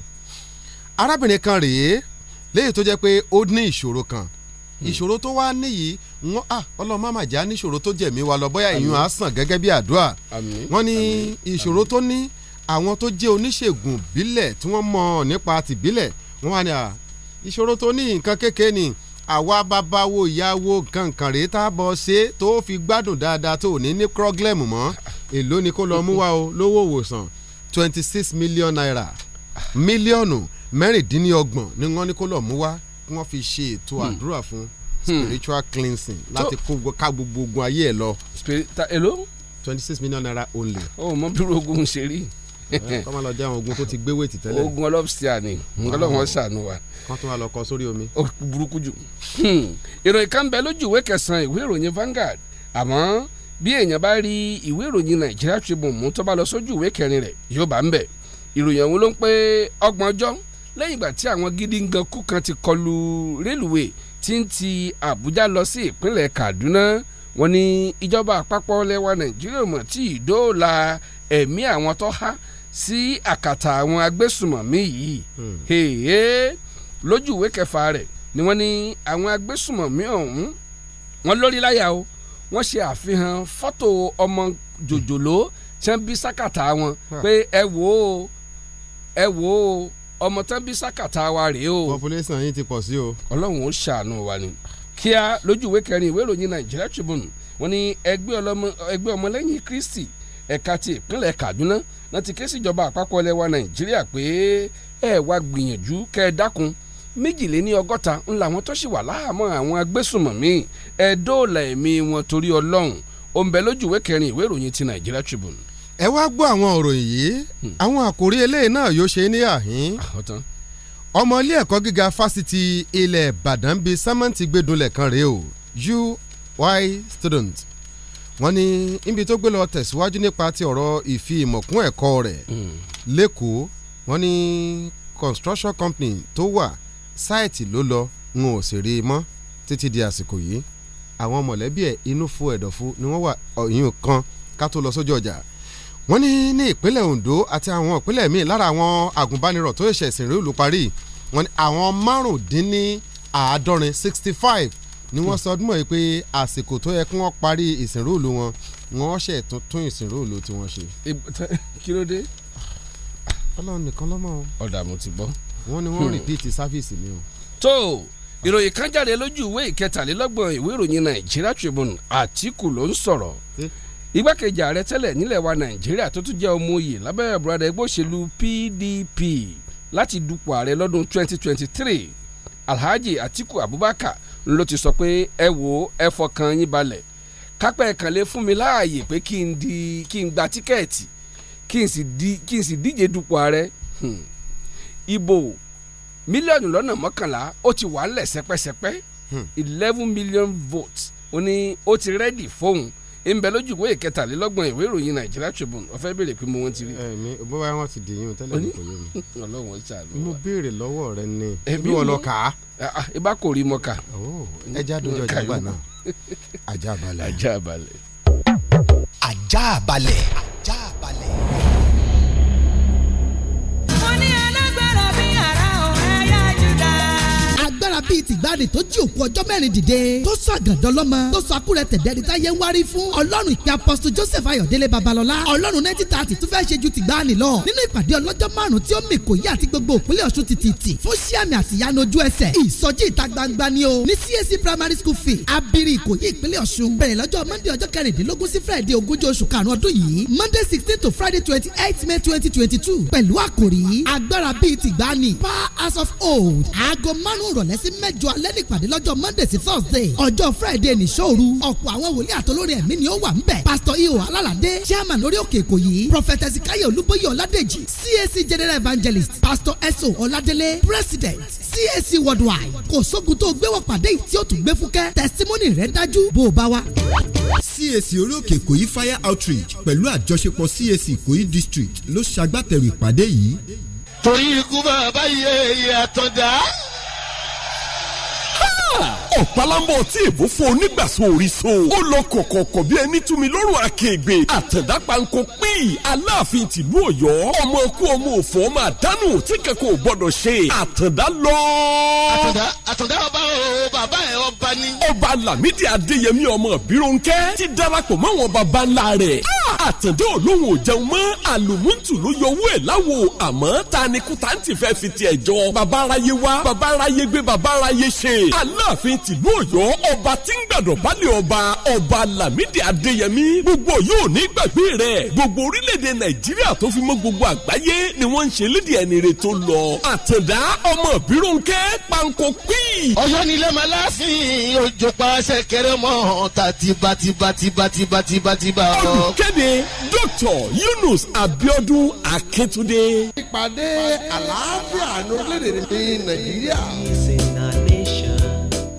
arábìnrin kan rèé léyìí tó jẹ́ pé ó ní ìṣòro kan Hmm. ìṣòro tó wá níyì wọn à ah, ọlọ́mọ màjá níṣòro tó jẹ̀mí wa lọ bóyá ìyún á sàn gẹ́gẹ́ bí àdúrà wọn ní ìṣòro tó ní àwọn tó jẹ́ oníṣègùn bílẹ̀ tí wọ́n mọ̀ nípa tìbílẹ̀ wọn wà ní à ah, ìṣòro tó ní nǹkan kékeré ni àwa babawo ìyàwó kankan rèé tá a bọ̀ ṣe tó fi gbádùn dáadáa tó ní ní kírọ́gílẹ̀mù mọ́ èló ni kó lọ mú wa o lówó ìwòsàn twenty six million naira mílíọ̀nù mẹ́rìndínlọ́gbọ̀n ni wọ́n ní kó lọ mú wa kí fi ṣe ètò hmm. àdúrà fún hmm. spiritual cleansing láti ká gbogbo ogun ayé ẹ̀ lọ. èló. twenty six million naira only. ó mọ bí ogun ṣe rí eh, kọ́ máa lọ jẹ́ àwọn ogun tó ti gbé wèètì tẹ́lẹ̀. ogun ọlọ́pìsíà ni ọlọ́wọ́n ah. ṣàánú wa. kọ́ tó wà lọ kọ sórí omi. ó burúkú jù. Hmm. ìròyìn kan bẹ lójú ìwé kẹsàn-án ìwé ìròyìn Vanguard àmọ́ bí èèyàn bá rí ìwé ìròyìn Nigeria Tribune mú tó bá lọ sójú ìwé kẹrin rẹ̀ yóò bá ń bẹ̀. ìròyìn ọ̀hún ló ń pé ọgbọ̀n ọjọ́ lẹ́yìn ìgbà tí àwọn gidi ń gan kú kan ti kọlu rélùwé tí ń ti Àbújá lọ sí ìpínlẹ̀ Kaduna wọ́n ní ìjọba àpapọ̀ lẹ́wà Nàìjíríà mọ̀ tí ìdóòlà ẹ̀mí àwọn tó há sí àkàtà àwọn agbésùmọ̀mí yìí hmm. hèhè lójú ìwé kẹfà rẹ̀ ni wọ́n ní àwọn agbésùmọ̀mí ọ̀hún wọ́n lórí láyà o wọ́n ṣe àfihàn fọ́tò ọmọ jòjòló tí wọ́n bí sákàtà wọn hmm. pé ẹ wò ó ẹ wò ó ọmọ tán bí sákàtà wa rèé o. population yìí ti pọ̀ sí o. ọlọ́run ó ṣàánú wa ni. kíá lójú ìwé kẹrin ìwé ìròyìn Nigeria Tribune wọn ni ẹgbẹ́ ọmọlẹ́yìn Kristi ẹ̀ka ti ìpínlẹ̀ Kaduna náà ti ké síjọba àpapọ̀ ilẹ̀ wa Nàìjíríà pé ẹ wá gbìyànjú kẹ́ ẹ dákun méjìléní ọgọ́ta ń làwọn tó sì wà láhàámọ́ àwọn agbésùmọ̀mí ẹ dóòlà ẹ̀mí wọn torí Ọlọ́run òǹbẹ̀ lójú ìwé kẹrin ìwé ìròyìn ti Nigeria Tribune ẹ wá gbọ́ àwọn òròyìn yìí hmm. àwọn àkòrí eléyìí náà yóò ṣe ní àhín ah, ọmọ ilé ẹ̀kọ́ gíga fásitì ilẹ̀ Ìbàdàn bíi sámẹ́ǹtì gbẹdúnlẹ̀ kan rèé o UY student wọ́n ní níbi tó gbé lọ tẹ̀síwájú nípa ti ọ̀rọ̀ ìfi ìmọ̀kún ẹ̀kọ́ rẹ̀ hmm. lẹ́kọ̀ọ́ wọ́n ní construction company tó wà sáìtì ló lọ ń ò sì rí i mọ́ títí di àsìkò yìí àwọn mọ̀lẹ́bí ẹ̀ inú fún ẹ̀dọ̀fún ni wọ́n wà ọ̀yìn kan ká tó lọ sójú ọjà wọ́n ní ní ìpínlẹ̀ Ondo àti àwọn ìpínlẹ̀ míì lára àwọn agùnbánirọ̀ tó ṣẹ̀ṣẹ̀ sìn rí olùparí wọ́n ní àwọn márùndínláàádọ́rin sixty five ni wọ́n sọ ọdúnmọ̀ yìí pé àsìkò tó yẹ kí wọ́n parí ìsìnrúùlù wọn wọ́n ṣe tún tún ìsìnrúùlù tí wọ́n ṣe. kí ló dé. ọlọ́run nìkan ló o. ọ̀dà mo ti gbọ́. wọ́n ní wọ́n hmm. rìpíìtì sáfíìsì mi o. tó o ìròyìn kan jáde lójú ìwé ìkẹtàlélọ́gbọ̀n ìwé ìròyìn Nàìjíríà Tribune Àtìkù ló ń sọ̀rọ̀ igbákejì ààrẹ tẹ́lẹ̀ nílẹ̀ wa nàìjíríà tó tún jẹ́ ọmọ oyè lábẹ́ ìbúradà ẹgbẹ́ òṣèlú PDP láti dupò ààrẹ lọ́dún 2023 Alhaji Atiku Abubakar ló ti sọ pé ẹ wo ẹ fọkàn yín balẹ̀ kápẹ́ ẹ̀kànlé fún mi láàyè pé kí n di kí n gba tíkẹ́ẹ̀tì kí n sì di díje dupò ààrẹ ìbò hmm. mílíọ̀nù lọ́nà mọ́kànlá ó ti wà á lẹ̀ sẹ́pẹ́sẹ́pẹ́ hmm. eleven million votes ó ní ó ti rẹ́dì fóun ń bẹ lójú ìwé ìkẹtàlélọ́gbọ̀n ìwé ìròyìn Nigeria Tribune ọ̀fẹ́ béèrè pé mo wọ́n ti rí. ẹ̀mí bóyá wọ́n ti dìyìn tẹ́lẹ̀ ní kò lómi. ọlọ́run ṣàánú wa mo béèrè lọ́wọ́ rẹ ni bí wọ́n lọ kà á. ibà ah, ah, kò rí mọ kà. ẹja dojọ ìjọba náà ajá balẹ̀. ajá balẹ̀. ajá balẹ̀. bíi tìgbàdì tó jí òkú ọjọ́ mẹ́rin dìde tó sọ àgàdọ́ lọ́mọ tó sọ akúrẹ́ tẹ̀dẹ́rì táyé ń wárí fún ọlọ́run ìpè apọ́sítù joseph ayọ̀délé babalọ́lá ọlọ́run nineteen thirty tún fẹ́ ṣe ju tìgbàanì lọ nínú ìpàdé ọlọ́jọ́ márùn-ún tí ó mì kò yí àti gbogbo òpínlẹ̀ ọ̀ṣun tìtìtì fún síàmì àtìyánu ojú ẹsẹ̀ ìsọjí ìta gbangba ni o ní CAC primary school fee abiri ìkòyí ìpínlẹ̀ ọ̀ṣun bẹ̀rẹ̀ lọ́jọ́ monday ọjọ́ kẹrìndínlógún sí friday ogúnjọ́ oṣù karùn-ún ọdún yìí monday sixteen to friday twenty eight may twenty twenty two pẹ̀lú àkòrí agbára bíi tìgbàanì power house of old aago márùn-ún ìrọ̀lẹ́ sí mẹ́jọ alẹ́ nípàdé lọ́jọ́ monday sí thursday ọjọ́ friday nìṣòru ọ̀pọ̀ àwọn wòlíì àtolórí ẹ̀mí ni ó wà ńbẹ̀ pastor iho alálàdé chairman lórí òkè èkó yìí prophet ezekiel olúbóyè ọládèjì cac general evangelist pastor eso ọládélé president cac worldwide kò sógun tó gbéwọ̀ pàdé yìí tí ó tún gbé fúkẹ́ testimony rẹ̀ dájú bó o bá wá. cac orí òkè èkó yìí fire outreach pẹ̀lú àjọṣepọ̀ cac ìkòyí district ló ṣagbátẹrù ìpàdé yìí. torí ikú bàbá yẹ ìyàtọ̀ dá ọ̀pálámbọ̀ tí èbó fún onígbàsó oríṣo ó lọ kọ̀kọ̀kọ̀ bí ẹni túnmi lọ́rùn àkègbè àtẹ̀dá panko pín aláàfin tìlú ọ̀yọ́ ọmọ ẹkú ọmọ òfò ọmọ àdánù tí kẹ́kọ̀ọ́ gbọ́dọ̀ ṣe àtẹ̀dá lọ. àtẹ̀dá àtẹ̀dá ọba o bàbá ẹ̀ ọba ni. ọba lámìdí adéyẹmí ọmọ bíròǹkẹ́ ti darapọ̀ mọ́wọn baba ńlá rẹ̀ ah! àtẹ̀dá olóhùn ò jẹun mọ́ àlùmúntù ló yọwọ́ ẹ̀ láwo àmọ́ ta ni kúta ń tì fẹ́ fi tiẹ̀ jọ baba aráyé wá baba aráyé gbé baba aráyé ṣe àl aláàfin tìlú Ọ̀yọ́ ọba tí ń gbàdọ̀ balẹ̀ ọba ọba Lámídì Adéyẹmí gbogbo yóò ní gbàgbé rẹ̀ gbogbo orílẹ̀-èdè Nàìjíríà tó fi mọ́ gbogbo àgbáyé ni wọ́n ń ṣe lédi ẹni rẹ̀ tó lọ àtẹ̀dá ọmọ bírúnkẹ́ panko pí. Ọ̀yọ́ ni lẹ́mọ̀ aláàfin tiba. pa ṣẹ̀kẹ̀rẹ̀ mọ́ tàtibàtibàtibàtibàtibà. olùkéde Dr. Yunus Abiodun Akíntúndé. ìpàdé àlàáfíà ní orílẹ̀-èdè Nàìjíríà.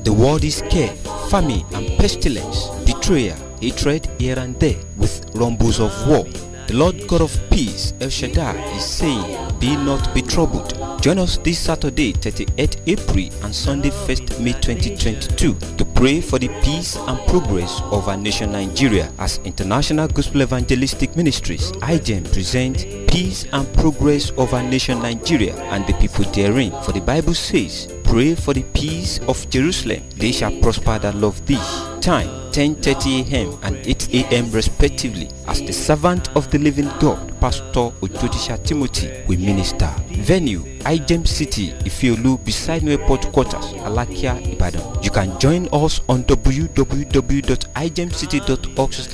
The world is care, famine and pestilence, betrayal, hatred here and there with rumbles of war. The Lord God of peace, El Shaddai, is saying, Be not be troubled. Join us this Saturday, 38 April and Sunday 1st May 2022 to pray for the peace and progress of our nation Nigeria as International Gospel Evangelistic Ministries, IGEM present Peace and Progress of our nation Nigeria and the people therein. For the Bible says, pray for the peace of Jerusalem. They shall prosper that love thee. Time 10.30 a.m. and 8 a.m. respectively as the servant of the living God, Pastor Ojotisha Timothy, will minister. Venue, iGem City, Ifeolu, beside New Airport Quarters, Alakia, Ibadan. You can join us on www.igemcity.org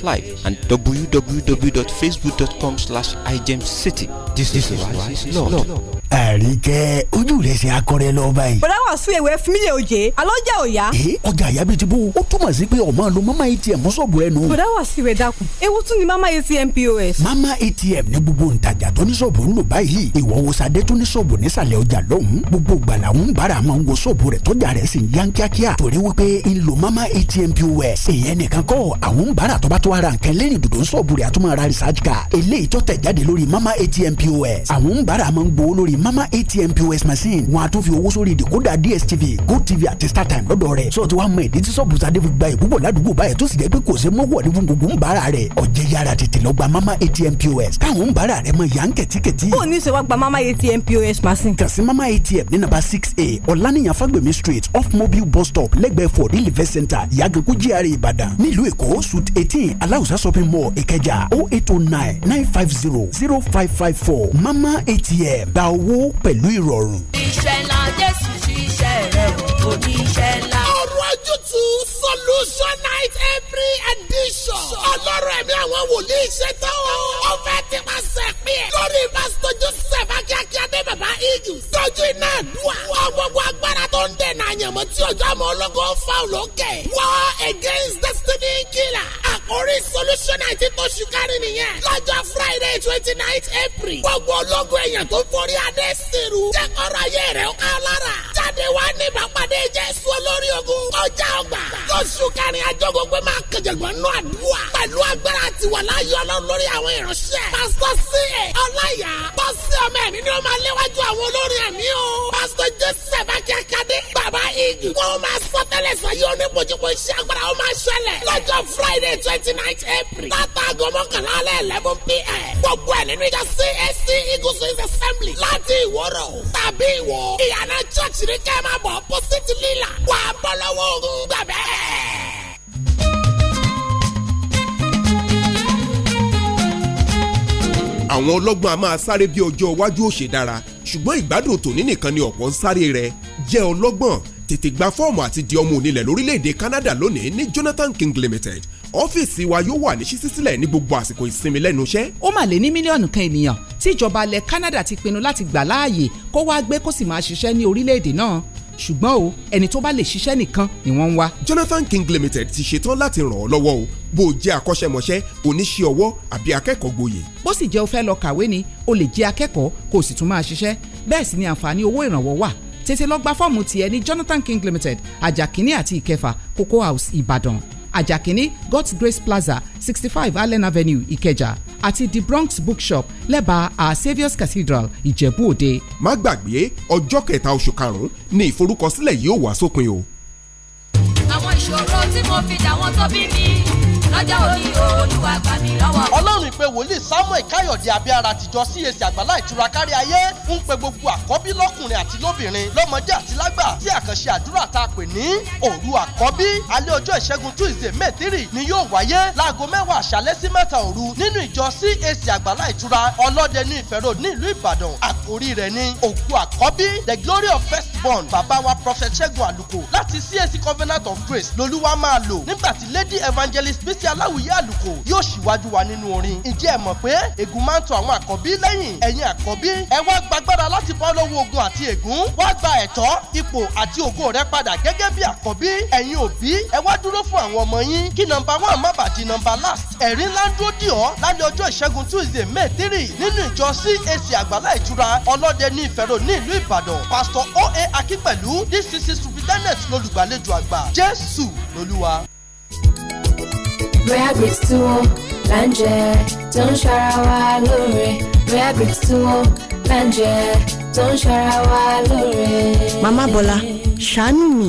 live and www.facebook.com slash igemcity. This, this is why it's love. àríkẹ́ ojú rẹ̀ ṣe akọrẹ lọ báyìí. bọ̀dá wà sún ewé fún mi oje alọ́jà ò yá. ee ọjà àyà bíi ti bó o túmọ̀ sí pé ọmọ lo mama atm mọ́sọ̀bù ẹnu. bọ̀dá wà sí ìwé dákun ewu tún ni mama atm pos. mama atm ní gbogbo ntajà tó ní sọ̀bù ń lò báyìí ìwọ wo sadẹ́tún ní sọ́ọ̀bù nísàlẹ̀ ọjà lọ́hùn gbogbo gbala ń bára máa ń wo rẹ̀ tọ́jà rẹ̀ sì ń yan kíákíá torí wípé ń lo mama atm pos èèyàn nìkan kọ́ àwọn ń bára tọ́ba tó ara nǹkan lẹ́yìn dòdò sọ́ọ̀bù rẹ̀ àtúmọ̀ ara research card eléyìí tó tẹ̀ lórí mama atm pos àwọn ń bára máa ń gbowó lórí mama atm pos machine wọn a fi owó sórí ìdìkúdà dstv gotv àti startime lọ́dọ̀ rẹ̀ pos machine. kàn mama atm ní nàbà six a ọ̀lànìyàn fagbemi street off mobile bus stop lẹ́gbẹ̀ẹ́ for the live center yàgànkú gr ìbàdàn nílùú èkó suit eighteen aláùsá shopping mall ìkẹjà o oh eight o oh nine nine five zero zero five five four mama atm gba owó pẹ̀lú ìrọ̀rùn. iṣẹ́ jésù ṣiṣẹ́ rẹ̀ oníṣẹ́ ńlá. ọ̀rọ̀ ajútùú Solutionite every edition. Ọlọ́run ẹ̀mí àwọn wòlíì ṣetán o. Ó fẹ́ ti máa ṣẹ̀ pé ẹ̀. Lórí Pásítọ̀ Joseph Akíákíá dé bàbá Eagles. Tọ́jú iná àdúrà. Wọ́n gbogbo agbára tó ń dènà àyànmọ́ tí ọjọ́ àmọ́ ológo fà ó lókè. War against destiny killer. Àkórí Solutionite tó ṣùkárí nìyẹn. Lọ́jọ́ Friday twenty nine April. Gbogbo ológo èèyàn tó forí adé sírù. Jẹ́kọ̀rọ̀ ayé rẹ̀ ìpàdé wa ní ìbápadé jésù olórí ogun ọjà ọgbà lóṣù kẹrin àjọ gbogbo máa kẹjọgbọn nù àdúrà pẹ̀lú agbára àti yọlọ lórí àwọn ìránṣẹ́. pásítọ̀ sí ẹ̀ ọláyà bọ́sí ọmọ ẹ̀mí ni wọ́n máa léwájú àwọn olórí ẹ̀mí o. pásítọ̀ jésù bàkí akadé bàbá igi. wọ́n máa sọ tẹ́lẹ̀ sáyé oníbojúbo iṣẹ́ agbára ó máa ṣẹlẹ̀ lọ́jọ́ friday twenty nine april. látàgọ́ mọ́kànlá alẹ́ eleven pm. gbogbo ẹ̀ nínú ìjọ csc eagles assembly láti ìwọ́rọ̀ tàbí ìwọ̀ ìyànà church ní k kẹ́ máa bọ̀ pósítì lílà wà á bọ́ lọ́wọ́ ogun gbàgbẹ́. àwọn ọlọ́gbọ́n a máa sáré bí ọjọ́ iwájú ò ṣe dára ṣùgbọ́n ìgbádùn tòní nìkan ni ọ̀pọ̀ ń sáré rẹ̀ jẹ́ ọlọ́gbọ́n tètè gba fọ́ọ̀mù àti di ọmọ onílẹ̀ lórílẹ̀‐èdè Canada lónìí ní Jonathan King Limited ọ́fíìsì wa yóò wà ní ṣíṣí sílẹ̀ ní gbogbo àsìkò ìsinmi lẹ́nu iṣẹ́. ó mà lé ní mílíọ̀nù kan ènìyàn tí ìjọba ilẹ̀ Canada ti pinnu láti gbà láàyè kó wá gbé kó sì máa ṣiṣẹ́ ní orílẹ̀-èdè náà ṣùgbọ́n o ẹni tó bá lè ṣiṣẹ́ nìkan ni wọ́n ń wá. Jonathan King Limited ti ṣetán láti ràn ọ́ lọ́wọ́ o bó o jẹ́ akọ́ṣẹ́mọṣẹ́ oníṣẹ́ ọwọ́ àbí akẹ́kọ̀ọ́ gboyè. bó sì jẹ́ o fẹ́ lọ kàwé ni o lè jẹ́ akẹ́kọ̀ọ́ kó o sì tún máa ṣiṣẹ́ bẹ́ẹ̀ sì ni àǹfààní owó ìrànwọ́ wà tètè lọ gba fọ́ọ̀mù tiẹ̀ ní Jonathan King Limited ajakini àti ìkẹfà Cocoa House Ìbàdàn ajakini God's Grace Plaza sixty five Allen Avenue Ìkẹjà àti the bronx bookshop lẹ́bàá our saviour's cathedral ìjẹ̀bú òde. má gbàgbé ọjọ́ kẹta oṣù karùn-ún ni ìforúkọsílẹ̀ yìí ó sópin o. àwọn ìṣòro tí mo fi dà wọ́n tó bí mi lọ́jọ́ òní olúwa gbà mí lọ́wọ́. ọlọ́run ìpè wòlíì samuel káyọ̀dé abíára tìjọ cac àgbàlá ìtura kárí ayé ń pe gbogbo àkọ́bí lọ́kùnrin àti lóbìnrin lọ́mọdé àti lágbà tí àkànṣe àdúrà tá a pè ní òru àkọ́bí alẹ́ ọjọ́ ìṣẹ́gun tuesday mẹ́tírì ni yóò wáyé láago mẹ́wàá àṣálẹ́ sí mẹ́ta òru nínú ìjọ cac àgbàlá ìtura ọlọ́dẹ ní ìfẹ́rò ní the glory of first born bàbá wa prophet ṣẹ́gun àlùkò láti cac covenant of grace lolúwa máa lò nígbà tí lady evangelist bishop dj aláwìyé àlùkò yóò ṣíwájú wa nínú orin ǹjẹ́ ẹ mọ̀ pé ègún máa ń tọ àwọn àkọ́bí lẹ́yìn ẹ̀yin àkọ́bí ẹ wá gbàgbára láti bọ́ lọ́wọ́ ogun àti ègún wá gba ẹ̀tọ́ ipò àti ògo rẹ padà gẹ́gẹ́ bí àkọ́bí ẹ̀yin òbí ẹ wá dúró fún àwọn ọmọ yín kí nọ́mbà one má bàa di nọ́mbà last ẹ̀rí ńlá ń dúró dì lálẹ́ ọjọ́ ìṣẹ́gun tuesday may three nínú ìjọ cac àgbàlá ìtura ọlọ́dẹ ní ìfẹ́rò ní ìlú ìbàdàn pastor oa akínpẹ̀lú dcc superintendent lolùgbàlejò àgbà jésù lolúwa bóyá grits tí wọ́n là ń jẹ tó ń ṣara wa lóore bóyá grits tí wọ́n là ń jẹ tó ń ṣara wa lóore. màmá bọ́lá ṣàánú mi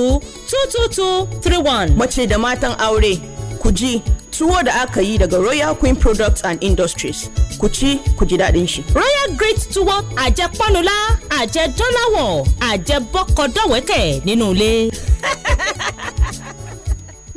222 Mace da matan aure, ku ji tuwo da aka yi daga Royal Queen Products and Industries. Ku ci, ku ji daɗin shi. Royal Great Tuwo àjẹpọ́nulá, àjẹdọ́láwọ̀, àjẹbọ́kọ̀dọ̀wẹ́kẹ̀ nínú ilé.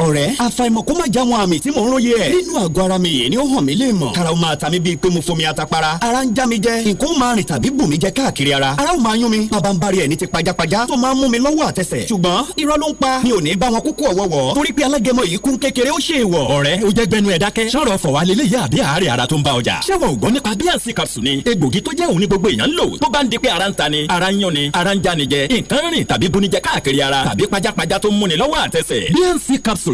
ọ̀rẹ́ àfàìmọ̀ kó má já wọn àmì tí mò ń róye ẹ̀ nínú àgọ́ ara mi yìí ni ó hàn mí lè mọ̀ kára máa ta mi bíi pé mo fomi atapara ara ń já mi jẹ nǹkan máa rìn tàbí bù mí jẹ káàkiri ara ara ó máa yún mi bàbá ń bari ẹ̀ ní ti pajápajá tó máa ń mú mi lọ́wọ́ àtẹsẹ̀ ṣùgbọ́n irọ́ ló ń pa mi ò ní bá wọn kúkú ọ̀wọ́wọ́ torí pé alágẹmọ yìí kún kékeré ó ṣe ìwọ̀ ọ̀rẹ́ ó jẹ́ gbẹnu ẹ̀ dákẹ́ sọ̀rọ̀ fọ̀wálélé yá àbí àárẹ̀ ara ni egbògi tó jẹ́ òun ní gbogbo èèyàn ń lò tó bá ń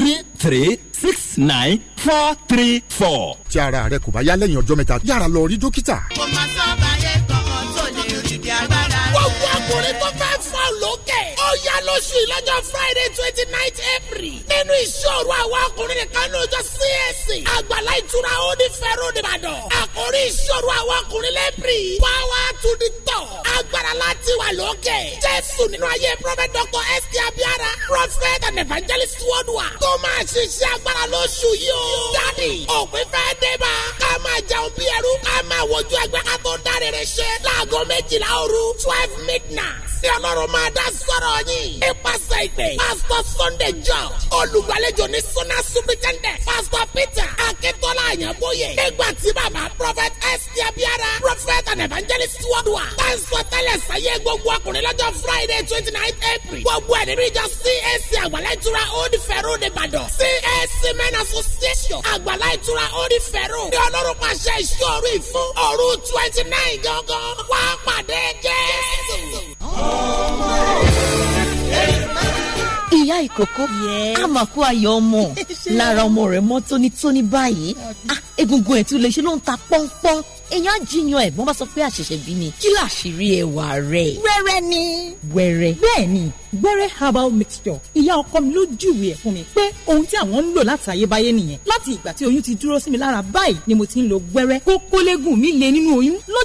three three six nine four three four. tí ara rẹ kò bá yá lẹ́yìn ọjọ́ mẹ́ta yára lọ rí dókítà. kò máa sá oṣù yìí lọ́jọ́ friday twenty nine april nínú ìṣòro àwọn ọkùnrin nìkan ní ọjọ́ csc àgbàlá ìtura òní fẹ́rù nìbàdàn àkórí ìṣòro àwọn ọkùnrin lẹ́pìrì power to the top agbára láti wà lókè jésù nínú ayé prophet dr st abiara prophet and evangelist wọ́dùwà tó máa ṣiṣẹ́ agbára lóṣù yìí o dáàdì òpin fẹ́ dé bá ká máa jẹun bí ẹrú ká máa wojú ẹgbẹ́ ká tó dáre rẹ̀ ṣe láago méjìlá òru twelve midnight tí ọlọ́run máa dá sọ̀rọ̀ yìí. ipasẹ̀ ìpè pásítọ̀ sunday george olùgbàlejò ní suna superintendent pásítọ̀ peter akíntola àyànbóyè nígbà tí bàbá prophet esther abiara prophet and evangelist wadua pásítọ̀ tẹ́lẹ̀ sáyé gbogbo ọkùnrin lọ́jọ́ friday twenty nine april gbogbo ẹ̀ nínú ìjọ cac àgbàlá ìtura old fero nìbàdàn cac men association àgbàlá ìtura old fero ní ọlọ́run pàṣẹ ìṣòro ìfún òru twenty nine gangan wàá pàdé jẹ́. Oh ìyá ìkókó àmàkù ayọ̀ ọmọ lára ọmọ rẹ̀ mọ́ tónítóní báyìí ah, egungun ẹ̀ tún lè ṣe ló ń ta pọ́npọ́n èèyàn jiyàn ẹ̀gbọ́n bá sọ pé àṣẹ̀ṣẹ̀ bí ni kí làṣírí ẹwà rẹ̀. wẹ́rẹ́ ni. wẹ́rẹ́. bẹ́ẹ̀ni wẹ́rẹ́ herbal mixture ìyá ọkọ mi ló júwe ẹ̀ fún mi pé ohun tí àwọn ń lò láti àyébáyé nìyẹn láti ìgbà tí oyún ti dúró sí mi lára báyìí ni mo ti ń lo wẹ́rẹ́ kókólégùn mi lè nínú oyún ló